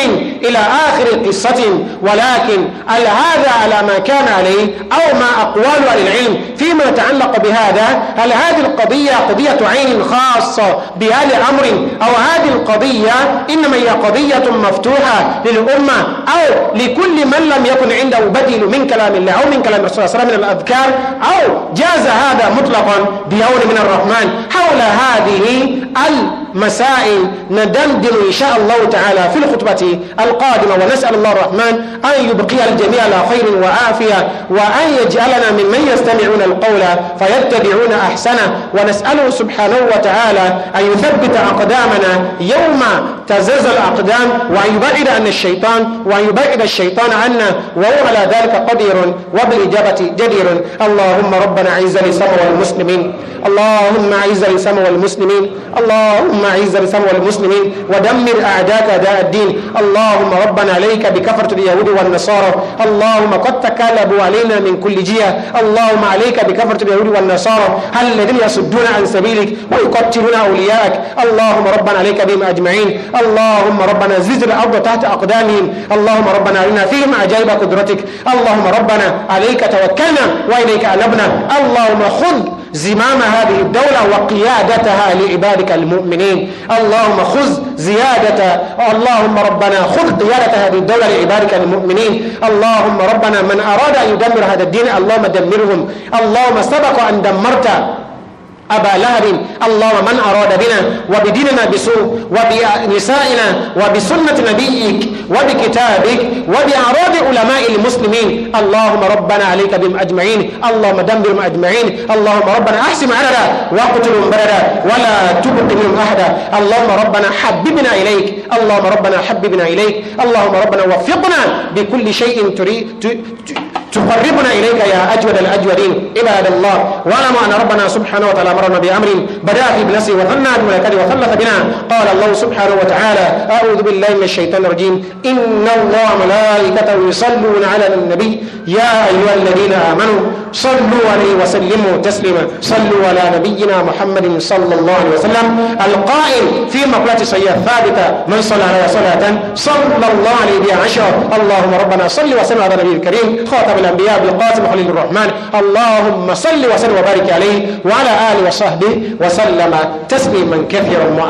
إلى آخر قصة ولكن هل هذا على ما كان عليه أو ما أقوال أهل العلم فيما يتعلق بهذا هل هذه القضية قضية عين خاصة بآل أمر أو هذه القضية إنما هي قضية مفتوحة للأمة أو لكل من لم يكن عنده بديل من كلام الله أو من كلام الرسول صلى الله عليه وسلم من الأذكار أو جاز هذا مطلقا بيون من الرحمن حول هذه المسائل ندندن إن شاء الله تعالى في الخطبة القادمة ونسأل الله الرحمن أن يبقي الجميع على خير وعافية وأن يجعلنا ممن يستمعون القول فيتبعون أحسنه ونسأله سبحانه وتعالى أن يثبت أقدامنا يوم تزلزل الأقدام وأن يبعد عن الشيطان وأن يبعد الشيطان عنا وهو على ذلك قدير وبالإجابة جدير اللهم ربنا عز لسم المسلمين اللهم عز لسم المسلمين اللهم عز لسم المسلمين ودمر أعداك أداء الدين اللهم ربنا عليك بكفرة اليهود والنصارى اللهم قد تكالبوا علينا من كل جهة اللهم عليك بكفرة اليهود والنصارى هل الذين يصدون عن سبيلك ويقتلون أولياءك اللهم ربنا عليك بهم أجمعين اللهم ربنا زلزل الأرض تحت أقدامهم اللهم ربنا علينا فيهم عجائب قدرتك اللهم اللهم ربنا عليك توكلنا وإليك أنبنا اللهم خذ زمام هذه الدولة وقيادتها لعبادك المؤمنين اللهم خذ زيادة اللهم ربنا خذ قيادة هذه الدولة لعبادك المؤمنين اللهم ربنا من أراد أن يدمر هذا الدين اللهم دمرهم اللهم سبق أن دمرت أبا لهب اللهم من أراد بنا وبديننا بسوء وبنسائنا وبسنة نبيك وبكتابك وبأعراض علماء المسلمين اللهم ربنا عليك بهم أجمعين اللهم دمرهم أجمعين اللهم ربنا أحسن عددا واقتلهم بردا ولا تبق منهم أحدا اللهم ربنا حببنا إليك اللهم ربنا حببنا إليك اللهم ربنا وفقنا بكل شيء تريد تقربنا إليك يا أجود الأجودين عباد الله وعلم أن ربنا سبحانه وتعالى أمرنا بأمر بدأ في بنفسه وثنى بملائكته وخلف بنا قال الله سبحانه وتعالى أعوذ بالله من الشيطان الرجيم إن الله ملائكته يصلون على النبي يا أيها الذين آمنوا صلوا عليه وسلموا تسليما صلوا على نبينا محمد صلى الله عليه وسلم القائل في مقلة سيئة ثابتة من صلى عليه صلاة صلى الله عليه بها عشر اللهم ربنا صل وسلم على النبي الكريم خاتم الأنبياء بالقاسم خليل الرحمن اللهم صل وسلم وبارك عليه وعلى آله وصحبه وسلم تسليما كثيرا